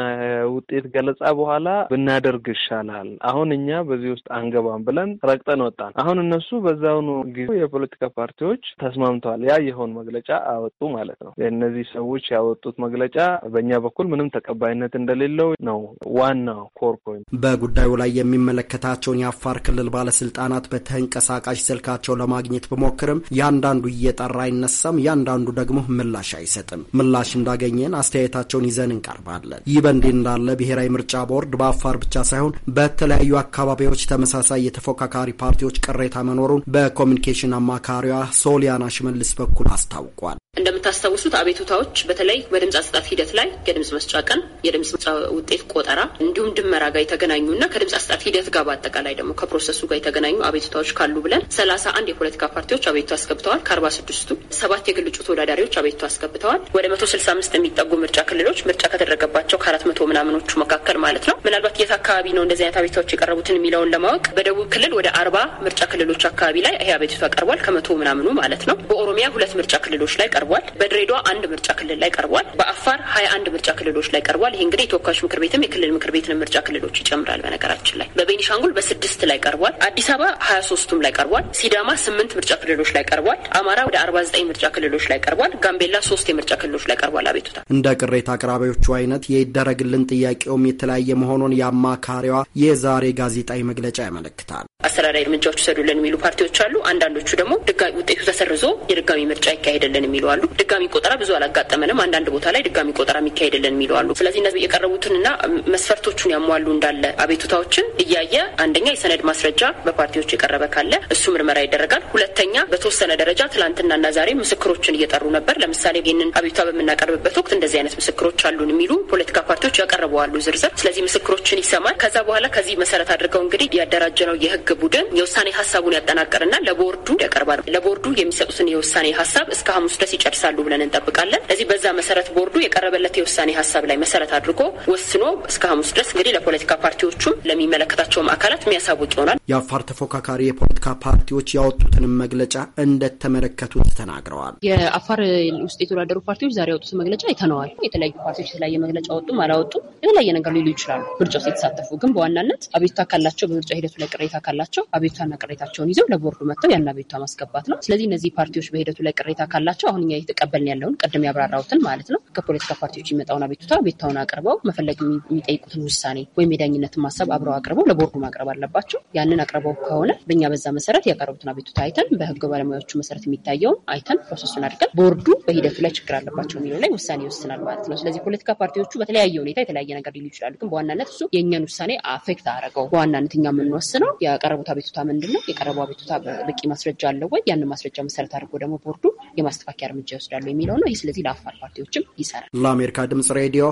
ውጤት ገለጻ በኋላ ብናደርግ ይሻላል። አሁን እኛ በዚህ ውስጥ አንገባም ብለን ረግጠን ወጣን። አሁን እነሱ በዛውኑ ጊዜ የፖለቲካ ፓርቲዎች ተስማምተዋል። ያ የሆን መግለጫ አወጡ ማለት ነው። እነዚህ ሰዎች ያወጡት መግለጫ በእኛ በኩል ምንም ተቀባይነት እንደሌለው ነው ዋና ኮር ፖይንት። በጉዳዩ ላይ የሚመለከታቸውን የአፋር ክልል ባለስልጣናት በተንቀሳቃሽ ስልካቸው ለማግኘት ብሞክርም ያንዳንዱ እየጠራ አይነሳም፣ ያንዳንዱ ደግሞ ምላሽ አይሰጥም። ምላሽ እንዳገኘን አስተያየታቸውን ይዘን እንቀርባለን። ይህ በእንዲህ እንዳለ ብሔራዊ ምርጫ ቦርድ በአፋር ብቻ ሳይሆን በተለያዩ አካባቢዎች ተመሳሳይ የተፎካካሪ ፓርቲዎች ቅሬታ መኖሩን በኮሚኒኬሽን አማካሪዋ ሶሊያና ሽመልስ በኩል አስታውቋል። እንደምታስታውሱት አቤቱታዎች በተለይ በድምፅ አሰጣጥ ሂደት ላይ ከድምፅ መስጫ ቀን የድምጽ መስጫ ውጤት ቆጠራ እንዲሁም ድመራ ጋር የተገናኙ እና ከድምጽ አስጣት ሂደት ጋር በአጠቃላይ ደግሞ ከፕሮሰሱ ጋር የተገናኙ አቤቱታዎች ካሉ ብለን ሰላሳ አንድ የፖለቲካ ፓርቲዎች አቤቱ አስገብተዋል። ከአርባ ስድስቱ ሰባት የግል እጩ ተወዳዳሪዎች አቤቱ አስገብተዋል። ወደ መቶ ስልሳ አምስት የሚጠጉ ምርጫ ክልሎች ምርጫ ከተደረገባቸው ከአራት መቶ ምናምኖቹ መካከል ማለት ነው። ምናልባት የት አካባቢ ነው እንደዚህ አይነት አቤቱታዎች የቀረቡትን የሚለውን ለማወቅ በደቡብ ክልል ወደ አርባ ምርጫ ክልሎች አካባቢ ላይ ይሄ አቤቱታ ቀርቧል። ከመቶ ምናምኑ ማለት ነው። በኦሮሚያ ሁለት ምርጫ ክልሎች ላይ ቀርቧል። በድሬዳዋ አንድ ምርጫ ክልል ላይ ቀርቧል። በአፋር ሀያ አንድ ምርጫ ክልሎች ክልሎች ላይ ቀርቧል። ይህ እንግዲህ የተወካዮች ምክር ቤትም የክልል ምክር ቤትን ምርጫ ክልሎች ይጨምራል። በነገራችን ላይ በቤኒሻንጉል በስድስት ላይ ቀርቧል። አዲስ አበባ ሀያ ሶስቱም ላይ ቀርቧል። ሲዳማ ስምንት ምርጫ ክልሎች ላይ ቀርቧል። አማራ ወደ አርባ ዘጠኝ ምርጫ ክልሎች ላይ ቀርቧል። ጋምቤላ ሶስት የምርጫ ክልሎች ላይ ቀርቧል። አቤቱታ እንደ ቅሬታ አቅራቢዎቹ አይነት የይደረግልን ጥያቄውም የተለያየ መሆኑን የአማካሪዋ የዛሬ ጋዜጣዊ መግለጫ ያመለክታል። አስተዳዳሪ እርምጃዎች ውሰዱልን የሚሉ ፓርቲዎች አሉ። አንዳንዶቹ ደግሞ ድጋሚ ውጤቱ ተሰርዞ የድጋሚ ምርጫ ይካሄድልን የሚሉ አሉ። ድጋሚ ቆጠራ ብዙ አላጋጠመንም፣ አንዳንድ ቦታ ላይ ድጋሚ ቆጠራ የሚካሄድልን የሚሉ አሉ። ስለዚህ እነዚህ የቀረቡትንና መስፈርቶቹን ያሟሉ እንዳለ አቤቱታዎችን እያየ አንደኛ የሰነድ ማስረጃ በፓርቲዎች የቀረበ ካለ እሱ ምርመራ ይደረጋል። ሁለተኛ በተወሰነ ደረጃ ትላንትናና ዛሬ ምስክሮችን እየጠሩ ነበር። ለምሳሌ ይህንን አቤቱታ በምናቀርብበት ወቅት እንደዚህ አይነት ምስክሮች አሉን የሚሉ ፖለቲካ ፓርቲዎች ያቀረበዋሉ ዝርዝር። ስለዚህ ምስክሮችን ይሰማል። ከዛ በኋላ ከዚህ መሰረት አድርገው እንግዲህ ያደራጀ ነው የህግ የህግ ቡድን የውሳኔ ሀሳቡን ያጠናቀርና ለቦርዱ ያቀርባል። ለቦርዱ የሚሰጡትን የውሳኔ ሀሳብ እስከ ሐሙስ ድረስ ይጨርሳሉ ብለን እንጠብቃለን። ለዚህ በዛ መሰረት ቦርዱ የቀረበለት የውሳኔ ሀሳብ ላይ መሰረት አድርጎ ወስኖ እስከ ሐሙስ ድረስ እንግዲህ ለፖለቲካ ፓርቲዎቹም ለሚመለከታቸውም አካላት የሚያሳውቅ ይሆናል። የአፋር ተፎካካሪ የፖለቲካ ፓርቲዎች ያወጡትንም መግለጫ እንደተመለከቱት ተናግረዋል። የአፋር ውስጥ የተወዳደሩ ፓርቲዎች ዛሬ ያወጡት መግለጫ አይተነዋል። የተለያዩ ፓርቲዎች የተለያየ መግለጫ ወጡም አላወጡም የተለያየ ነገር ሊሉ ይችላሉ። ምርጫ ውስጥ የተሳተፉ ግን በዋናነት አቤቱታ ካላቸው በምርጫ ሂደቱ ላይ ቅሬታ ካላቸው ካላቸው አቤቱታና ቅሬታቸውን ይዘው ለቦርዱ መጥተው ያን አቤቱታ ማስገባት ነው። ስለዚህ እነዚህ ፓርቲዎች በሂደቱ ላይ ቅሬታ ካላቸው አሁን እኛ እየተቀበልን ያለውን ቅድም ያብራራሁትን ማለት ነው ከፖለቲካ ፓርቲዎች የሚመጣውን አቤቱታ አቤቱታውን አቅርበው መፈለግ የሚጠይቁትን ውሳኔ ወይም የዳኝነትን ማሰብ አብረው አቅርበው ለቦርዱ ማቅረብ አለባቸው። ያንን አቅርበው ከሆነ በእኛ በዛ መሰረት ያቀረቡትን አቤቱታ አይተን በህግ ባለሙያዎቹ መሰረት የሚታየውን አይተን ፕሮሰሱን አድርገን ቦርዱ በሂደቱ ላይ ችግር አለባቸው የሚለው ላይ ውሳኔ ይወስናል ማለት ነው። ስለዚህ ፖለቲካ ፓርቲዎቹ በተለያየ ሁኔታ የተለያየ ነገር ሊሉ ይችላሉ። ግን በዋናነት እሱ የእኛን ውሳኔ አፌክት አረገው በዋናነት እኛ የምንወስነው ያቀረቡት አቤቱታ ምንድን ነው? የቀረበው አቤቱታ በቂ ማስረጃ አለው ወይ? ያንን ማስረጃ መሰረት አድርጎ ደግሞ ቦርዱ የማስተካከያ እርምጃ ይወስዳሉ የሚለው ነው። ይህ ስለዚህ ለአፋር ፓርቲዎችም ይሰራል። ለአሜሪካ ድምጽ ሬዲዮ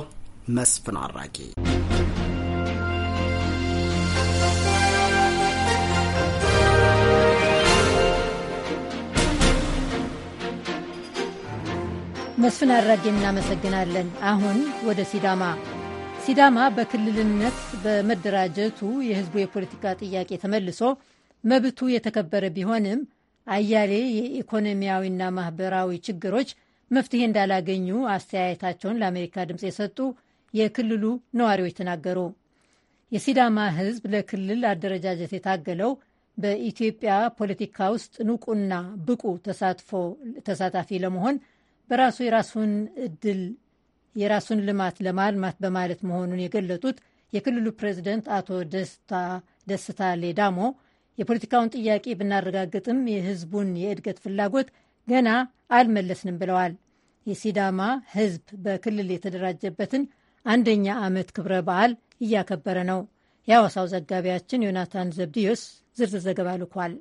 መስፍን አራቂ መስፍን አራጌ እናመሰግናለን። አሁን ወደ ሲዳማ ሲዳማ በክልልነት በመደራጀቱ የህዝቡ የፖለቲካ ጥያቄ ተመልሶ መብቱ የተከበረ ቢሆንም አያሌ የኢኮኖሚያዊና ማህበራዊ ችግሮች መፍትሄ እንዳላገኙ አስተያየታቸውን ለአሜሪካ ድምፅ የሰጡ የክልሉ ነዋሪዎች ተናገሩ። የሲዳማ ህዝብ ለክልል አደረጃጀት የታገለው በኢትዮጵያ ፖለቲካ ውስጥ ንቁና ብቁ ተሳትፎ ተሳታፊ ለመሆን በራሱ የራሱን እድል የራሱን ልማት ለማልማት በማለት መሆኑን የገለጡት የክልሉ ፕሬዚደንት አቶ ደስታ ሌዳሞ የፖለቲካውን ጥያቄ ብናረጋግጥም የህዝቡን የእድገት ፍላጎት ገና አልመለስንም ብለዋል። የሲዳማ ህዝብ በክልል የተደራጀበትን አንደኛ ዓመት ክብረ በዓል እያከበረ ነው። የሐዋሳው ዘጋቢያችን ዮናታን ዘብዲዮስ ዝርዝር ዘገባ ልኳል።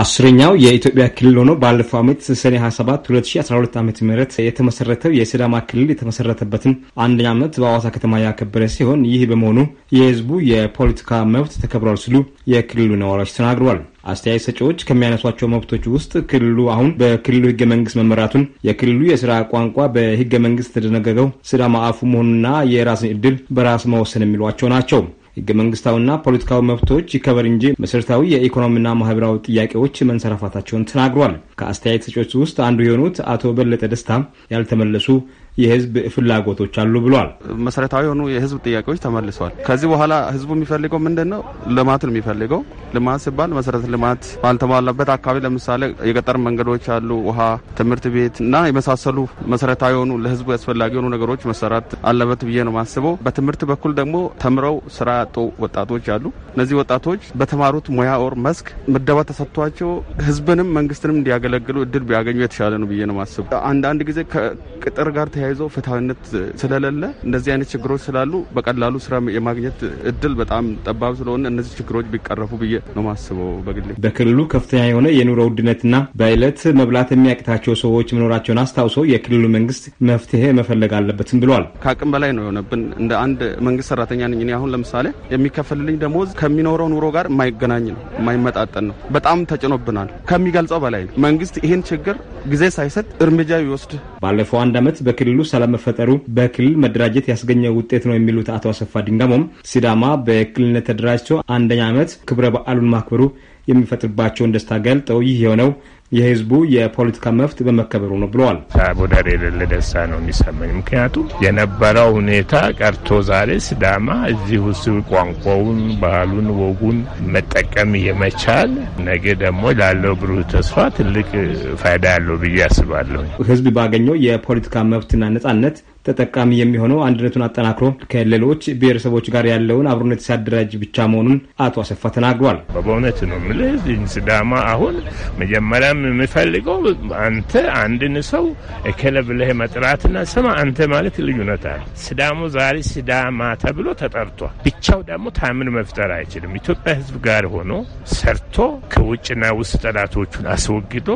አስረኛው የኢትዮጵያ ክልል ሆኖ ባለፈው ዓመት ሰኔ 27 2012 ዓ ም የተመሰረተው የሲዳማ ክልል የተመሰረተበትን አንደኛ ዓመት በአዋሳ ከተማ ያከበረ ሲሆን ይህ በመሆኑ የህዝቡ የፖለቲካ መብት ተከብሯል ሲሉ የክልሉ ነዋሪዎች ተናግረዋል። አስተያየት ሰጪዎች ከሚያነሷቸው መብቶች ውስጥ ክልሉ አሁን በክልሉ ህገ መንግስት መመራቱን፣ የክልሉ የስራ ቋንቋ በህገ መንግስት የተደነገገው ሲዳማ አፉ መሆኑና የራስን እድል በራስ መወሰን የሚሏቸው ናቸው። ህገ መንግስታዊና ፖለቲካዊ መብቶች ይከበር እንጂ መሰረታዊ የኢኮኖሚና ማህበራዊ ጥያቄዎች መንሰራፋታቸውን ተናግሯል። ከአስተያየት ሰጪዎች ውስጥ አንዱ የሆኑት አቶ በለጠ ደስታ ያልተመለሱ የህዝብ ፍላጎቶች አሉ ብሏል። መሰረታዊ የሆኑ የህዝብ ጥያቄዎች ተመልሰዋል። ከዚህ በኋላ ህዝቡ የሚፈልገው ምንድን ነው? ልማት ነው የሚፈልገው። ልማት ሲባል መሰረተ ልማት ባልተሟላበት አካባቢ ለምሳሌ የገጠር መንገዶች አሉ፣ ውሃ፣ ትምህርት ቤት እና የመሳሰሉ መሰረታዊ የሆኑ ለህዝቡ ያስፈላጊ የሆኑ ነገሮች መሰራት አለበት ብዬ ነው ማስበው። በትምህርት በኩል ደግሞ ተምረው ስራ ያጡ ወጣቶች አሉ። እነዚህ ወጣቶች በተማሩት ሙያ ኦር መስክ ምደባ ተሰጥቷቸው ህዝብንም መንግስትንም እንዲያገለግሉ እድል ቢያገኙ የተሻለ ነው ብዬ ነው ማስበው። አንዳንድ ጊዜ ከቅጥር ጋር ተያይዞ ፍትሐዊነት ስለሌለ እንደዚህ አይነት ችግሮች ስላሉ በቀላሉ ስራ የማግኘት እድል በጣም ጠባብ ስለሆነ እነዚህ ችግሮች ቢቀረፉ ብዬ ነው ማስበው በግሌ። በክልሉ ከፍተኛ የሆነ የኑሮ ውድነትና በዕለት መብላት የሚያቅታቸው ሰዎች መኖራቸውን አስታውሰው የክልሉ መንግስት መፍትሄ መፈለግ አለበትም ብሏል። ከአቅም በላይ ነው የሆነብን። እንደ አንድ መንግስት ሰራተኛ ነኝ እኔ። አሁን ለምሳሌ የሚከፈልልኝ ደሞዝ ከሚኖረው ኑሮ ጋር የማይገናኝ ነው፣ የማይመጣጠን ነው። በጣም ተጭኖብናል ከሚገልጸው በላይ። መንግስት ይህን ችግር ጊዜ ሳይሰጥ እርምጃ ይወስድ። ባለፈው አንድ አመት በክልሉ በክልሉ ሰላም መፈጠሩ በክልል መደራጀት ያስገኘው ውጤት ነው የሚሉት አቶ አሰፋ ዲንዳሞም ሲዳማ በክልልነት ተደራጅቶ አንደኛ ዓመት ክብረ በዓሉን ማክበሩ የሚፈጥርባቸውን ደስታ ገልጠው ይህ የሆነው የህዝቡ የፖለቲካ መብት በመከበሩ ነው ብለዋል። ወደር የሌለ ደስታ ነው የሚሰማኝ። ምክንያቱም የነበረው ሁኔታ ቀርቶ ዛሬ ስዳማ እዚህ ውስጥ ቋንቋውን፣ ባህሉን፣ ወጉን መጠቀም የመቻል ነገ ደግሞ ላለው ብሩህ ተስፋ ትልቅ ፋይዳ ያለው ብዬ አስባለሁ። ህዝብ ባገኘው የፖለቲካ መብትና ነጻነት ተጠቃሚ የሚሆነው አንድነቱን አጠናክሮ ከሌሎች ብሔረሰቦች ጋር ያለውን አብሮነት ሲያደራጅ ብቻ መሆኑን አቶ አሰፋ ተናግሯል። በእውነት ነው የምልህ ስዳማ አሁን መጀመሪያም የሚፈልገው አንተ አንድን ሰው እከለ ብለህ መጥራትና ስማ አንተ ማለት ልዩነት አለ። ስዳሙ ዛሬ ስዳማ ተብሎ ተጠርቷል። ብቻው ደግሞ ታምን መፍጠር አይችልም። ኢትዮጵያ ሕዝብ ጋር ሆኖ ሰርቶ ከውጭና ውስጥ ጠላቶቹን አስወግዶ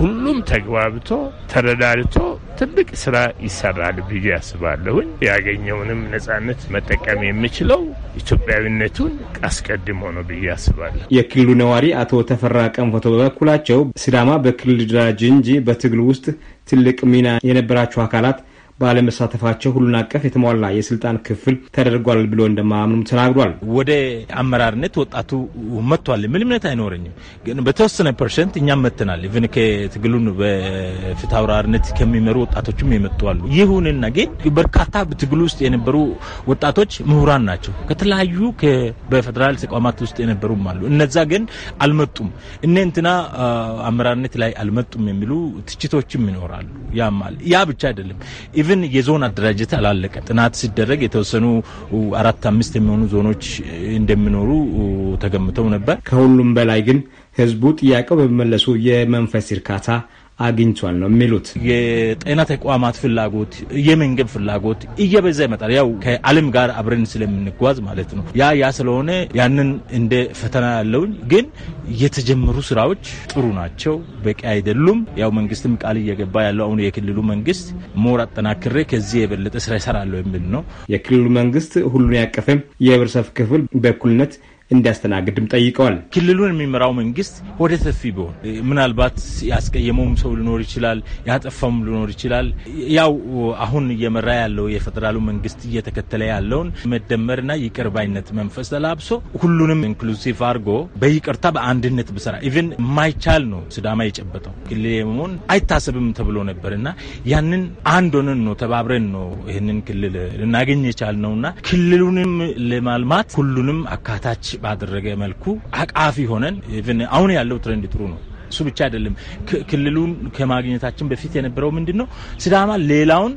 ሁሉም ተግባብቶ ተረዳድቶ ትልቅ ስራ ይሰራል ብዬ አስባለሁኝ። ያገኘውንም ነጻነት መጠቀም የምችለው ኢትዮጵያዊነቱን አስቀድሞ ነው ብዬ አስባለሁ። የክልሉ ነዋሪ አቶ ተፈራ ቀንፎቶ በበኩላቸው ሲዳማ በክልል ደረጃ እንጂ በትግል ውስጥ ትልቅ ሚና የነበራቸው አካላት ባለመሳተፋቸው ሁሉን አቀፍ የተሟላ የስልጣን ክፍል ተደርጓል ብሎ እንደማያምኑም ተናግሯል። ወደ አመራርነት ወጣቱ መጥቷል የሚል እምነት አይኖረኝም። ግን በተወሰነ ፐርሰንት እኛም መጥተናል። ኢቨን ከትግሉን በፍትሐ አውራርነት ከሚመሩ ወጣቶችም የመጡ አሉ። ይሁንና ግን በርካታ በትግሉ ውስጥ የነበሩ ወጣቶች ምሁራን ናቸው። ከተለያዩ በፌዴራል ተቋማት ውስጥ የነበሩም አሉ። እነዛ ግን አልመጡም። እነ እንትና አመራርነት ላይ አልመጡም የሚሉ ትችቶችም ይኖራሉ። ያማል ያ ብቻ አይደለም ኢቭን የዞን አደራጀት አላለቀ። ጥናት ሲደረግ የተወሰኑ አራት አምስት የሚሆኑ ዞኖች እንደሚኖሩ ተገምተው ነበር። ከሁሉም በላይ ግን ህዝቡ ጥያቄው በመመለሱ የመንፈስ እርካታ አግኝቷል ነው የሚሉት። የጤና ተቋማት ፍላጎት፣ የመንገድ ፍላጎት እየበዛ ይመጣል። ያው ከዓለም ጋር አብረን ስለምንጓዝ ማለት ነው። ያ ያ ስለሆነ ያንን እንደ ፈተና ያለውኝ ግን የተጀመሩ ስራዎች ጥሩ ናቸው፣ በቂ አይደሉም። ያው መንግስትም ቃል እየገባ ያለው አሁኑ የክልሉ መንግስት ሞር አጠናክሬ ከዚህ የበለጠ ስራ ይሰራለሁ የሚል ነው። የክልሉ መንግስት ሁሉን ያቀፈም የህብረተሰብ ክፍል በኩልነት እንዲያስተናግድም ጠይቀዋል። ክልሉን የሚመራው መንግስት ወደ ሰፊ ቢሆን ምናልባት ያስቀየመውም ሰው ሊኖር ይችላል፣ ያጠፋም ሊኖር ይችላል። ያው አሁን እየመራ ያለው የፌዴራሉ መንግስት እየተከተለ ያለውን መደመርና ይቅርባይነት መንፈስ ተላብሶ ሁሉንም ኢንክሉሲቭ አድርጎ በይቅርታ በአንድነት ብሰራ ኢቨን የማይቻል ነው። ስዳማ የጨበጠው ክልል የመሆን አይታሰብም ተብሎ ነበር እና ያንን አንድ ሆነን ነው ተባብረን ነው ይህንን ክልል ልናገኝ የቻልነውና ክልሉንም ለማልማት ሁሉንም አካታች ባደረገ መልኩ አቃፊ ሆነን አሁን ያለው ትሬንድ ጥሩ ነው። እሱ ብቻ አይደለም። ክልሉን ከማግኘታችን በፊት የነበረው ምንድን ነው? ሲዳማ ሌላውን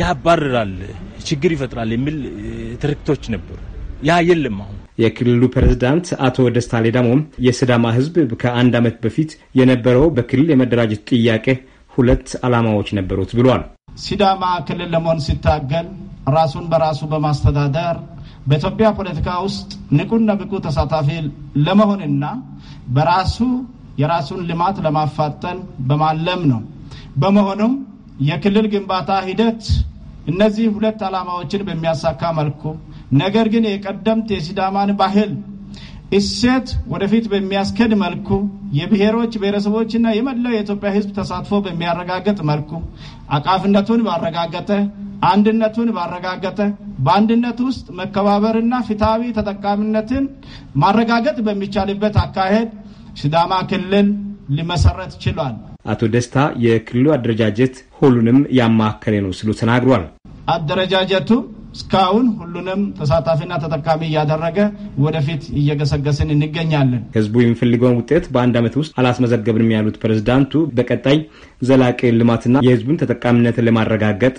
ያባርራል፣ ችግር ይፈጥራል የሚል ትርክቶች ነበሩ። ያ የለም አሁን። የክልሉ ፕሬዝዳንት አቶ ደስታ ሌዳሞም የስዳማ ህዝብ ከአንድ ዓመት በፊት የነበረው በክልል የመደራጀት ጥያቄ ሁለት ዓላማዎች ነበሩት ብሏል። ሲዳማ ክልል ለመሆን ሲታገል ራሱን በራሱ በማስተዳደር በኢትዮጵያ ፖለቲካ ውስጥ ንቁና ብቁ ተሳታፊ ለመሆንና በራሱ የራሱን ልማት ለማፋጠን በማለም ነው። በመሆኑም የክልል ግንባታ ሂደት እነዚህ ሁለት ዓላማዎችን በሚያሳካ መልኩ ነገር ግን የቀደምት የሲዳማን ባህል እሴት ወደፊት በሚያስከድ መልኩ የብሔሮች ብሔረሰቦችና የመላው የኢትዮጵያ ሕዝብ ተሳትፎ በሚያረጋግጥ መልኩ አቃፍነቱን ባረጋገጠ አንድነቱን ባረጋገጠ በአንድነት ውስጥ መከባበርና ፍትሐዊ ተጠቃሚነትን ማረጋገጥ በሚቻልበት አካሄድ ሲዳማ ክልል ሊመሰረት ችሏል። አቶ ደስታ የክልሉ አደረጃጀት ሁሉንም ያማከለ ነው ሲሉ ተናግሯል። አደረጃጀቱ እስካሁን ሁሉንም ተሳታፊና ተጠቃሚ እያደረገ ወደፊት እየገሰገስን እንገኛለን። ህዝቡ የሚፈልገውን ውጤት በአንድ ዓመት ውስጥ አላስመዘገብንም ያሉት ፕሬዝዳንቱ በቀጣይ ዘላቂ ልማትና የህዝቡን ተጠቃሚነትን ለማረጋገጥ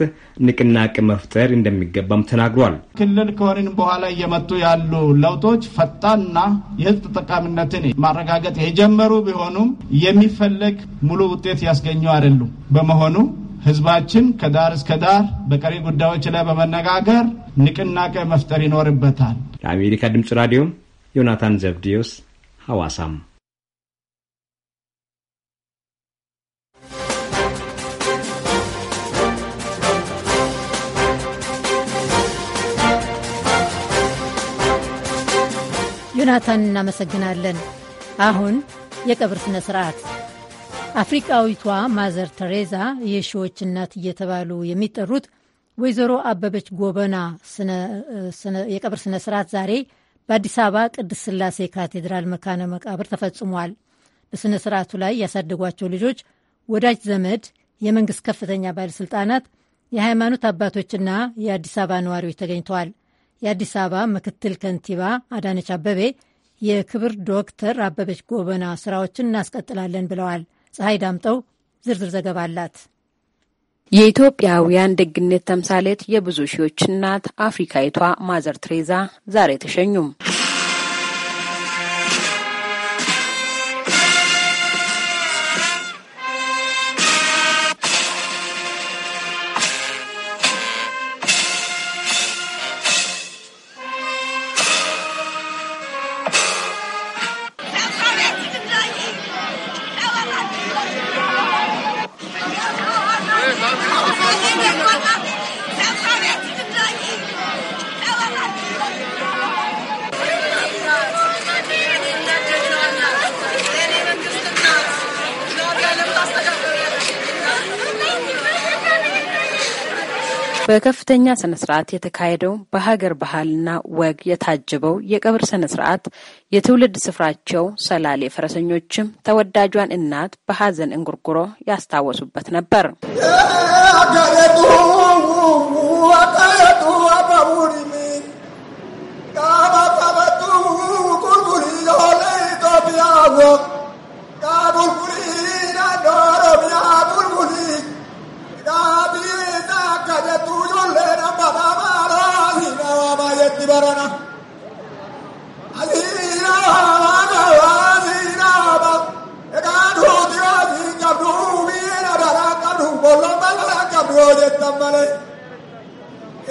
ንቅናቄ መፍጠር እንደሚገባም ተናግሯል። ክልል ከሆንን በኋላ እየመጡ ያሉ ለውጦች ፈጣንና የህዝብ ተጠቃሚነትን ማረጋገጥ የጀመሩ ቢሆኑም የሚፈለግ ሙሉ ውጤት ያስገኙ አይደሉም። በመሆኑ ህዝባችን ከዳር እስከ ዳር በቀሪ ጉዳዮች ላይ በመነጋገር ንቅናቄ መፍጠር ይኖርበታል። የአሜሪካ ድምፅ ራዲዮ፣ ዮናታን ዘብዲዮስ ሐዋሳም ዮናታን እናመሰግናለን። አሁን የቀብር ስነ ስርዓት አፍሪቃዊቷ ማዘር ተሬዛ የሺዎች እናት እየተባሉ የሚጠሩት ወይዘሮ አበበች ጎበና የቀብር ስነ ስርዓት ዛሬ በአዲስ አበባ ቅድስት ስላሴ ካቴድራል መካነ መቃብር ተፈጽሟል። በስነ ስርዓቱ ላይ ያሳደጓቸው ልጆች፣ ወዳጅ ዘመድ፣ የመንግሥት ከፍተኛ ባለሥልጣናት፣ የሃይማኖት አባቶችና የአዲስ አበባ ነዋሪዎች ተገኝተዋል። የአዲስ አበባ ምክትል ከንቲባ አዳነች አበቤ የክብር ዶክተር አበበች ጎበና ስራዎችን እናስቀጥላለን ብለዋል። ፀሐይ ዳምጠው ዝርዝር ዘገባ አላት። የኢትዮጵያውያን ደግነት ተምሳሌት የብዙ ሺዎች እናት አፍሪካዊቷ ማዘር ቴሬዛ ዛሬ ተሸኙም። በከፍተኛ ስነ ስርዓት የተካሄደው በሀገር ባህልና ወግ የታጀበው የቀብር ስነ ስርዓት የትውልድ ስፍራቸው ሰላሌ ፈረሰኞችም ተወዳጇን እናት በሀዘን እንጉርጉሮ ያስታወሱበት ነበር። rárá àti iná àmàlà wà ní iná àbá ẹ̀ka àdúró tí wọ́n ti kàdú mi iná dàda kàdú bọ̀lọ́ bàbá kàdú ọ̀jẹ̀ tàmbalẹ̀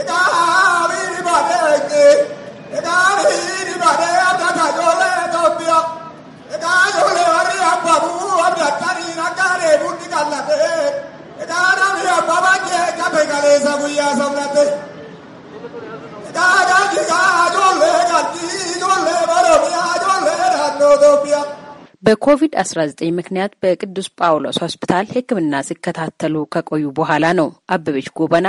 ẹ̀ka àmì ìbàdẹ̀ ẹ̀kẹ́ ẹ̀ka àmì ìbàdẹ̀ àtàkàjọ́ lẹ́ẹ̀tọ́ bíọ́ ẹ̀ka àjọ́ lẹ́wọ̀n ní àgbàbú ọ̀bì àtàrí ìrákàrẹ̀ ìbú kíkà làbẹ́ ẹ̀ka àdàbí àgbàbá jẹ́ kábẹ̀kàlẹ̀ ìsàkúyà sọ́kùnrin በኮቪድ-19 ምክንያት በቅዱስ ጳውሎስ ሆስፒታል ሕክምና ሲከታተሉ ከቆዩ በኋላ ነው አበበች ጎበና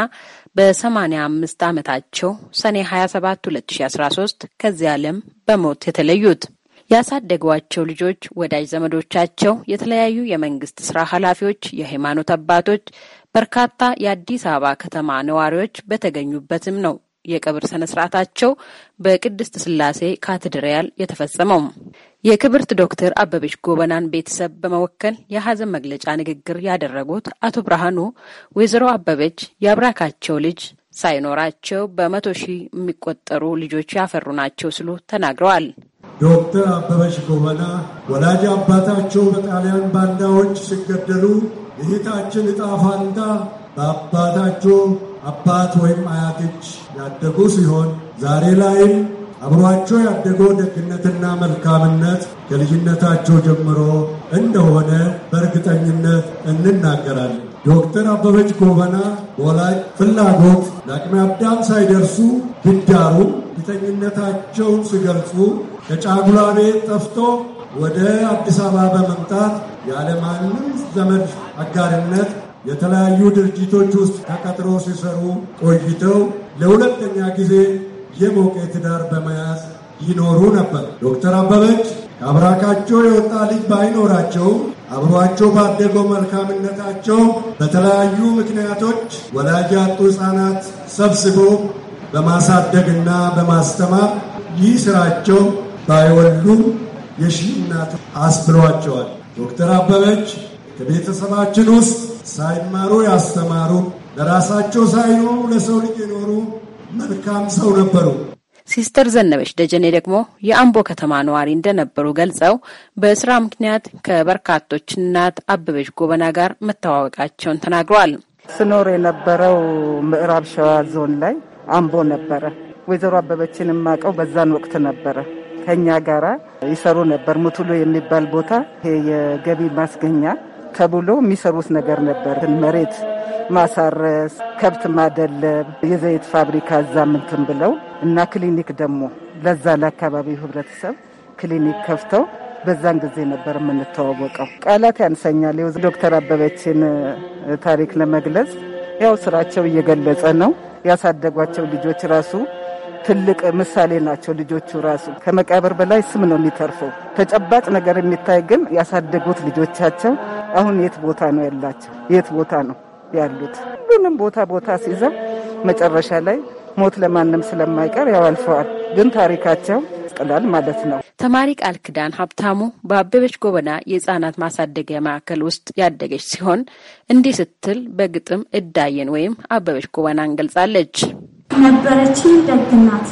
በ85 ዓመታቸው ሰኔ 27 2013 ከዚህ ዓለም በሞት የተለዩት። ያሳደጓቸው ልጆች፣ ወዳጅ ዘመዶቻቸው፣ የተለያዩ የመንግስት ስራ ኃላፊዎች፣ የሃይማኖት አባቶች፣ በርካታ የአዲስ አበባ ከተማ ነዋሪዎች በተገኙበትም ነው የቀብር ስነ ስርዓታቸው በቅድስት ስላሴ ካቴድራል የተፈጸመው። የክብርት ዶክተር አበበች ጎበናን ቤተሰብ በመወከል የሀዘን መግለጫ ንግግር ያደረጉት አቶ ብርሃኑ ወይዘሮ አበበች የአብራካቸው ልጅ ሳይኖራቸው በመቶ ሺህ የሚቆጠሩ ልጆች ያፈሩ ናቸው ሲሉ ተናግረዋል። ዶክተር አበበች ጎበና ወላጅ አባታቸው በጣሊያን ባንዳዎች ሲገደሉ የእህታችን እጣ ፋንታ በአባታቸው አባት ወይም አያቶች ያደጉ ሲሆን ዛሬ ላይም አብሯቸው ያደገው ደግነትና መልካምነት ከልጅነታቸው ጀምሮ እንደሆነ በእርግጠኝነት እንናገራለን። ዶክተር አበበች ጎበና በወላጅ ፍላጎት ለአቅመ አዳም ሳይደርሱ ግዳሩ ፊተኝነታቸውን ሲገልጹ ከጫጉላ ቤት ጠፍቶ ወደ አዲስ አበባ በመምጣት ያለማንም ዘመድ አጋርነት የተለያዩ ድርጅቶች ውስጥ ተቀጥሮ ሲሰሩ ቆይተው ለሁለተኛ ጊዜ የሞቄ ትዳር በመያዝ ይኖሩ ነበር። ዶክተር አበበች ከአብራካቸው የወጣ ልጅ ባይኖራቸው አብሯቸው ባደገው መልካምነታቸው በተለያዩ ምክንያቶች ወላጅ ያጡ ሕፃናት ሰብስቦ በማሳደግና በማስተማር ይህ ስራቸው ባይወሉ የሺ እናት አስብሏቸዋል። ዶክተር አበበች ከቤተሰባችን ውስጥ ሳይማሩ ያስተማሩ፣ ለራሳቸው ሳይኖሩ ለሰው ልጅ የኖሩ መልካም ሰው ነበሩ። ሲስተር ዘነበች ደጀኔ ደግሞ የአምቦ ከተማ ነዋሪ እንደነበሩ ገልጸው በስራ ምክንያት ከበርካቶች እናት አበበች ጎበና ጋር መተዋወቃቸውን ተናግረዋል። ስኖር የነበረው ምዕራብ ሸዋ ዞን ላይ አምቦ ነበረ። ወይዘሮ አበበችን የማውቀው በዛን ወቅት ነበረ። ከኛ ጋራ ይሰሩ ነበር። ሙትሎ የሚባል ቦታ ይሄ የገቢ ማስገኛ ተብሎ የሚሰሩት ነገር ነበር። መሬት ማሳረስ፣ ከብት ማደለብ፣ የዘይት ፋብሪካ እዛ ምንትን ብለው እና ክሊኒክ ደግሞ ለዛ ለአካባቢው ህብረተሰብ ክሊኒክ ከፍተው በዛን ጊዜ ነበር የምንተዋወቀው። ቃላት ያንሰኛል ዶክተር አበበችን ታሪክ ለመግለጽ ያው ስራቸው እየገለጸ ነው። ያሳደጓቸው ልጆች ራሱ ትልቅ ምሳሌ ናቸው። ልጆቹ ራሱ ከመቃብር በላይ ስም ነው የሚተርፈው። ተጨባጭ ነገር የሚታይ ግን ያሳደጉት ልጆቻቸው አሁን የት ቦታ ነው ያላቸው? የት ቦታ ነው ያሉት? ሁሉንም ቦታ ቦታ ሲይዘው መጨረሻ ላይ ሞት ለማንም ስለማይቀር ያው አልፈዋል። ግን ታሪካቸው ይቀጥላል ማለት ነው። ተማሪ ቃል ክዳን ሀብታሙ በአበበች ጎበና የህጻናት ማሳደጊያ ማዕከል ውስጥ ያደገች ሲሆን እንዲህ ስትል በግጥም እዳየን ወይም አበበች ጎበና እንገልጻለች? ነበረችን ደግናት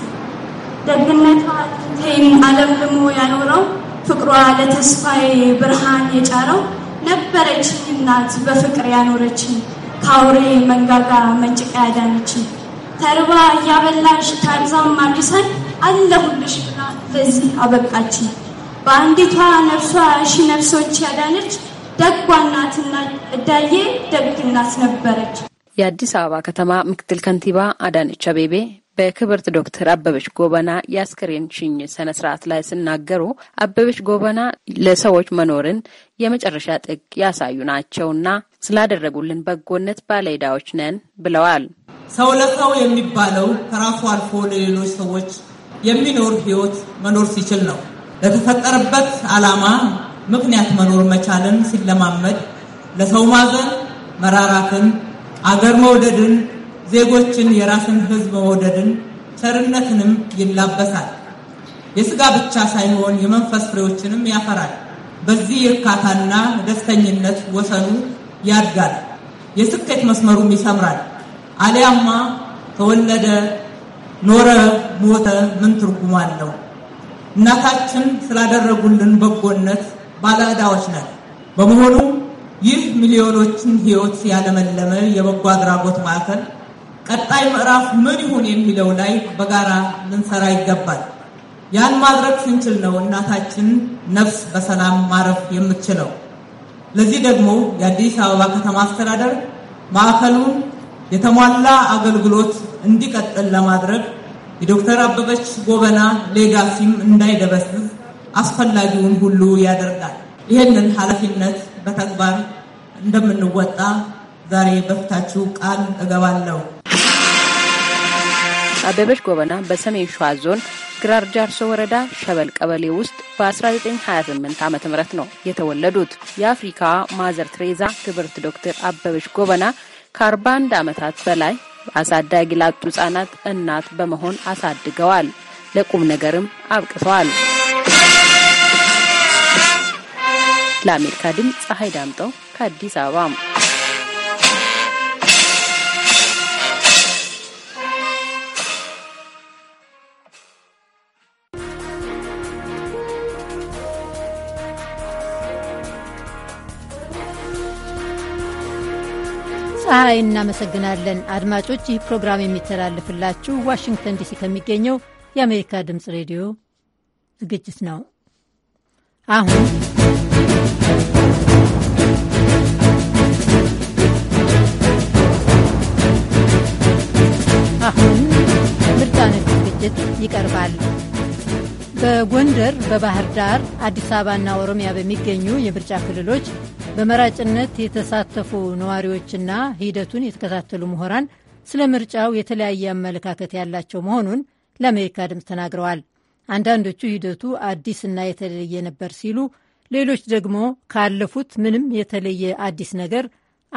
ደግነቷ ትንቴን አለምልሞ ያኖረው ፍቅሯ ለተስፋዬ ብርሃን የጫረው ነበረችኝ እናት በፍቅር ያኖረችኝ ከአውሬ መንጋጋ መንጭቃ ያዳነችኝ ተርባ እያበላሽ ታርዛም አድሰን አለሁልሽ ብላ ለዚህ አበቃችኝ። በአንዲቷ ነፍሷ ሺ ነፍሶች ያዳነች ደጓ እናት እዳዬ ደግናት ነበረች። የአዲስ አበባ ከተማ ምክትል ከንቲባ አዳነች አቤቤ በክብርት ዶክተር አበበች ጎበና የአስክሬን ሽኝት ስነ ስርዓት ላይ ሲናገሩ አበበች ጎበና ለሰዎች መኖርን የመጨረሻ ጥግ ያሳዩ ናቸውና ስላደረጉልን በጎነት ባለዕዳዎች ነን ብለዋል። ሰው ለሰው የሚባለው ከራሱ አልፎ ለሌሎች ሰዎች የሚኖር ህይወት መኖር ሲችል ነው። ለተፈጠረበት ዓላማ ምክንያት መኖር መቻልን ሲለማመድ ለሰው ማዘን መራራትን አገር መውደድን፣ ዜጎችን የራስን ህዝብ መውደድን፣ ቸርነትንም ይላበሳል። የስጋ ብቻ ሳይሆን የመንፈስ ፍሬዎችንም ያፈራል። በዚህ እርካታና ደስተኝነት ወሰኑ ያድጋል፣ የስኬት መስመሩም ይሰምራል። አሊያማ ተወለደ፣ ኖረ፣ ሞተ ምን ትርጉም አለው? እናታችን ስላደረጉልን በጎነት ባለዕዳዎች ነን። በመሆኑም ይህ ሚሊዮኖችን ሕይወት ያለመለመ የበጎ አድራጎት ማዕከል ቀጣይ ምዕራፍ ምን ይሁን የሚለው ላይ በጋራ ልንሰራ ይገባል። ያን ማድረግ ስንችል ነው እናታችን ነፍስ በሰላም ማረፍ የምትችለው። ለዚህ ደግሞ የአዲስ አበባ ከተማ አስተዳደር ማዕከሉን የተሟላ አገልግሎት እንዲቀጥል ለማድረግ የዶክተር አበበች ጎበና ሌጋሲም እንዳይደበስስ አስፈላጊውን ሁሉ ያደርጋል። ይህንን ኃላፊነት በተግባር እንደምንወጣ ዛሬ በፊታችሁ ቃል እገባለሁ። አበበች ጎበና በሰሜን ሸዋ ዞን ግራር ጃርሶ ወረዳ ሸበል ቀበሌ ውስጥ በ1928 ዓ ም ነው የተወለዱት። የአፍሪካ ማዘር ትሬዛ ክብርት ዶክተር አበበች ጎበና ከ41 ዓመታት በላይ አሳዳጊ ላጡ ህጻናት እናት በመሆን አሳድገዋል። ለቁም ነገርም አብቅተዋል። ለአሜሪካ ድምፅ ፀሐይ ዳምጠው ከአዲስ አበባ። ፀሐይ እናመሰግናለን። አድማጮች ይህ ፕሮግራም የሚተላለፍላችሁ ዋሽንግተን ዲሲ ከሚገኘው የአሜሪካ ድምፅ ሬዲዮ ዝግጅት ነው። አሁን ዝግጅት ይቀርባል። በጎንደር በባህር ዳር፣ አዲስ አበባና ኦሮሚያ በሚገኙ የምርጫ ክልሎች በመራጭነት የተሳተፉ ነዋሪዎችና ሂደቱን የተከታተሉ ምሁራን ስለ ምርጫው የተለያየ አመለካከት ያላቸው መሆኑን ለአሜሪካ ድምፅ ተናግረዋል። አንዳንዶቹ ሂደቱ አዲስና የተለየ ነበር ሲሉ፣ ሌሎች ደግሞ ካለፉት ምንም የተለየ አዲስ ነገር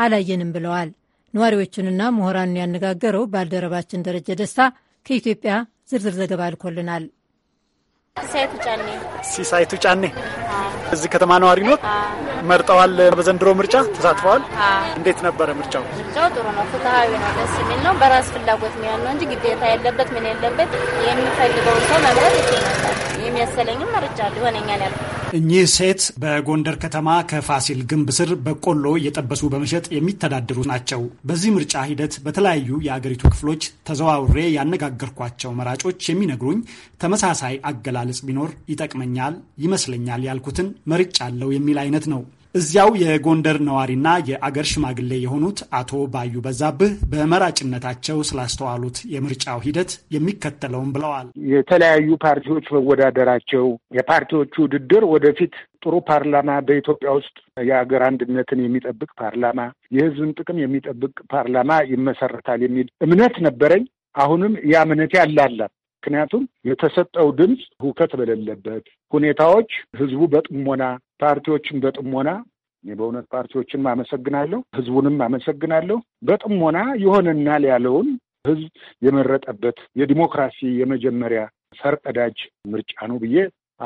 አላየንም ብለዋል። ነዋሪዎቹንና ምሁራኑን ያነጋገረው ባልደረባችን ደረጀ ደስታ ከኢትዮጵያ ዝርዝር ዘገባ ልኮልናል። ሲሳይቱ ጫኔ እዚህ ከተማ ነዋሪ ኖት? መርጠዋል? በዘንድሮ ምርጫ ተሳትፈዋል? እንዴት ነበረ ምርጫው? ምርጫው ጥሩ ነው፣ ፍትሀዊ ነው፣ ደስ የሚል ነው። በራስ ፍላጎት የሚሆን ነው እንጂ ግዴታ የለበት ምን የለበት። የሚፈልገውን ሰው መምረጥ ይችላል። የሚያሰለኝም ምርጫ ሊሆነኛል ያለ እኚህ ሴት በጎንደር ከተማ ከፋሲል ግንብ ስር በቆሎ እየጠበሱ በመሸጥ የሚተዳደሩ ናቸው። በዚህ ምርጫ ሂደት በተለያዩ የአገሪቱ ክፍሎች ተዘዋውሬ ያነጋገርኳቸው መራጮች የሚነግሩኝ ተመሳሳይ አገላል አገላለጽ ቢኖር ይጠቅመኛል፣ ይመስለኛል ያልኩትን መርጫለው የሚል አይነት ነው። እዚያው የጎንደር ነዋሪና የአገር ሽማግሌ የሆኑት አቶ ባዩ በዛብህ በመራጭነታቸው ስላስተዋሉት የምርጫው ሂደት የሚከተለውን ብለዋል። የተለያዩ ፓርቲዎች መወዳደራቸው፣ የፓርቲዎቹ ውድድር ወደፊት ጥሩ ፓርላማ በኢትዮጵያ ውስጥ የአገር አንድነትን የሚጠብቅ ፓርላማ፣ የሕዝብን ጥቅም የሚጠብቅ ፓርላማ ይመሰረታል የሚል እምነት ነበረኝ። አሁንም ያ እምነቴ አላላም። ምክንያቱም የተሰጠው ድምፅ ሁከት በሌለበት ሁኔታዎች ህዝቡ በጥሞና ፓርቲዎችን በጥሞና እኔ በእውነት ፓርቲዎችንም አመሰግናለሁ፣ ህዝቡንም አመሰግናለሁ። በጥሞና ይሆንናል ያለውን ህዝብ የመረጠበት የዲሞክራሲ የመጀመሪያ ፈርቀዳጅ ምርጫ ነው ብዬ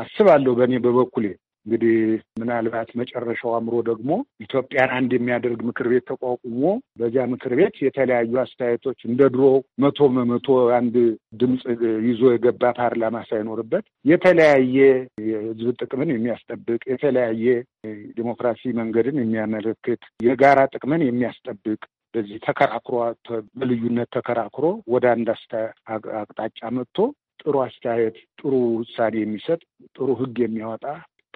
አስባለሁ። በእኔ በበኩሌ እንግዲህ ምናልባት መጨረሻው አምሮ ደግሞ ኢትዮጵያን አንድ የሚያደርግ ምክር ቤት ተቋቁሞ በዚያ ምክር ቤት የተለያዩ አስተያየቶች እንደ ድሮ መቶ በመቶ አንድ ድምፅ ይዞ የገባ ፓርላማ ሳይኖርበት የተለያየ የሕዝብ ጥቅምን የሚያስጠብቅ የተለያየ ዲሞክራሲ መንገድን የሚያመለክት የጋራ ጥቅምን የሚያስጠብቅ በዚህ ተከራክሮ በልዩነት ተከራክሮ ወደ አንድ አቅጣጫ መጥቶ ጥሩ አስተያየት፣ ጥሩ ውሳኔ የሚሰጥ ጥሩ ህግ የሚያወጣ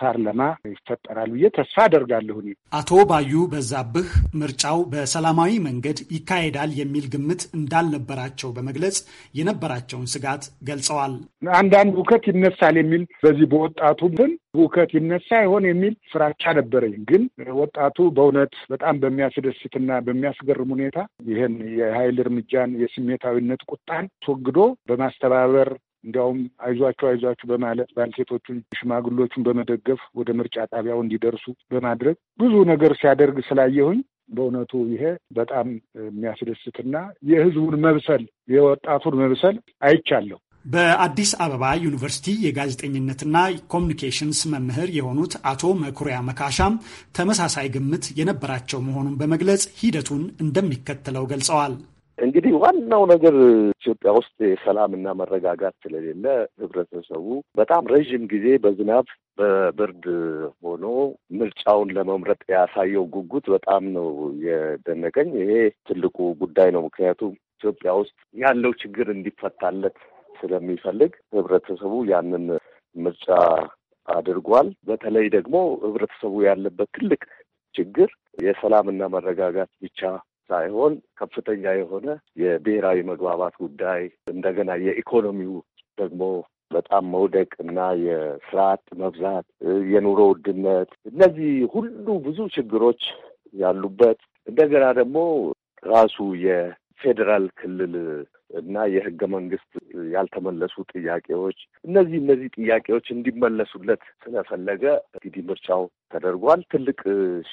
ፓርላማ ይፈጠራል ብዬ ተስፋ አደርጋለሁ። አቶ ባዩ በዛብህ ምርጫው በሰላማዊ መንገድ ይካሄዳል የሚል ግምት እንዳልነበራቸው በመግለጽ የነበራቸውን ስጋት ገልጸዋል። አንዳንድ እውከት ይነሳል የሚል በዚህ በወጣቱ ግን እውከት ይነሳ ይሆን የሚል ፍራቻ ነበረኝ። ግን ወጣቱ በእውነት በጣም በሚያስደስትና በሚያስገርም ሁኔታ ይህን የኃይል እርምጃን፣ የስሜታዊነት ቁጣን አስወግዶ በማስተባበር እንዲያውም አይዟቸው አይዟችሁ በማለት ባልቴቶቹን፣ ሽማግሎቹን በመደገፍ ወደ ምርጫ ጣቢያው እንዲደርሱ በማድረግ ብዙ ነገር ሲያደርግ ስላየሁኝ በእውነቱ ይሄ በጣም የሚያስደስትና የህዝቡን መብሰል የወጣቱን መብሰል አይቻለሁ። በአዲስ አበባ ዩኒቨርሲቲ የጋዜጠኝነትና ኮሚኒኬሽንስ መምህር የሆኑት አቶ መኩሪያ መካሻም ተመሳሳይ ግምት የነበራቸው መሆኑን በመግለጽ ሂደቱን እንደሚከተለው ገልጸዋል። እንግዲህ ዋናው ነገር ኢትዮጵያ ውስጥ የሰላምና መረጋጋት ስለሌለ ህብረተሰቡ በጣም ረዥም ጊዜ በዝናብ በብርድ ሆኖ ምርጫውን ለመምረጥ ያሳየው ጉጉት በጣም ነው የደነቀኝ። ይሄ ትልቁ ጉዳይ ነው። ምክንያቱም ኢትዮጵያ ውስጥ ያለው ችግር እንዲፈታለት ስለሚፈልግ ህብረተሰቡ ያንን ምርጫ አድርጓል። በተለይ ደግሞ ህብረተሰቡ ያለበት ትልቅ ችግር የሰላምና መረጋጋት ብቻ ሳይሆን ከፍተኛ የሆነ የብሔራዊ መግባባት ጉዳይ እንደገና የኢኮኖሚው ደግሞ በጣም መውደቅ እና የስራ አጥ መብዛት፣ የኑሮ ውድነት እነዚህ ሁሉ ብዙ ችግሮች ያሉበት እንደገና ደግሞ ራሱ የፌዴራል ክልል እና የህገ መንግስት ያልተመለሱ ጥያቄዎች እነዚህ እነዚህ ጥያቄዎች እንዲመለሱለት ስለፈለገ እንግዲህ ምርጫው ተደርጓል። ትልቅ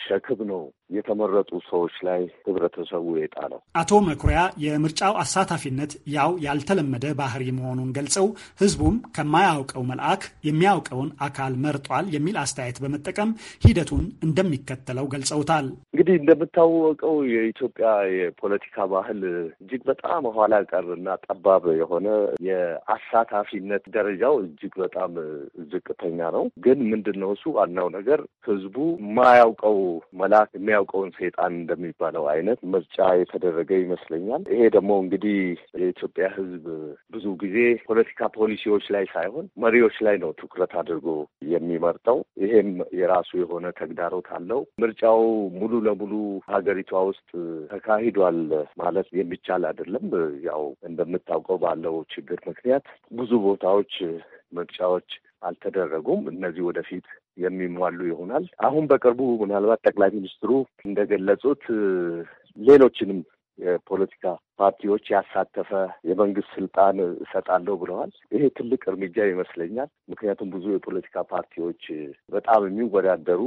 ሸክም ነው የተመረጡ ሰዎች ላይ ህብረተሰቡ የጣለው። አቶ መኩሪያ የምርጫው አሳታፊነት ያው ያልተለመደ ባህሪ መሆኑን ገልጸው ህዝቡም ከማያውቀው መልአክ የሚያውቀውን አካል መርጧል የሚል አስተያየት በመጠቀም ሂደቱን እንደሚከተለው ገልጸውታል። እንግዲህ እንደምታወቀው የኢትዮጵያ የፖለቲካ ባህል እጅግ በጣም ኋላ ቀር እና ጠባብ የሆነ የአሳታፊነት ደረጃው እጅግ በጣም ዝቅተኛ ነው። ግን ምንድን ነው እሱ ዋናው ነገር ህዝቡ የማያውቀው መልአክ የሚያውቀውን ሰይጣን እንደሚባለው አይነት ምርጫ የተደረገ ይመስለኛል። ይሄ ደግሞ እንግዲህ የኢትዮጵያ ህዝብ ብዙ ጊዜ ፖለቲካ ፖሊሲዎች ላይ ሳይሆን መሪዎች ላይ ነው ትኩረት አድርጎ የሚመርጠው። ይሄም የራሱ የሆነ ተግዳሮት አለው። ምርጫው ሙሉ ለሙሉ ሀገሪቷ ውስጥ ተካሂዷል ማለት የሚቻል አይደለም። ያው እንደምታውቀው ባለው ችግር ምክንያት ብዙ ቦታዎች ምርጫዎች አልተደረጉም። እነዚህ ወደፊት የሚሟሉ ይሆናል። አሁን በቅርቡ ምናልባት ጠቅላይ ሚኒስትሩ እንደገለጹት ሌሎችንም የፖለቲካ ፓርቲዎች ያሳተፈ የመንግስት ስልጣን እሰጣለሁ ብለዋል። ይሄ ትልቅ እርምጃ ይመስለኛል። ምክንያቱም ብዙ የፖለቲካ ፓርቲዎች በጣም የሚወዳደሩ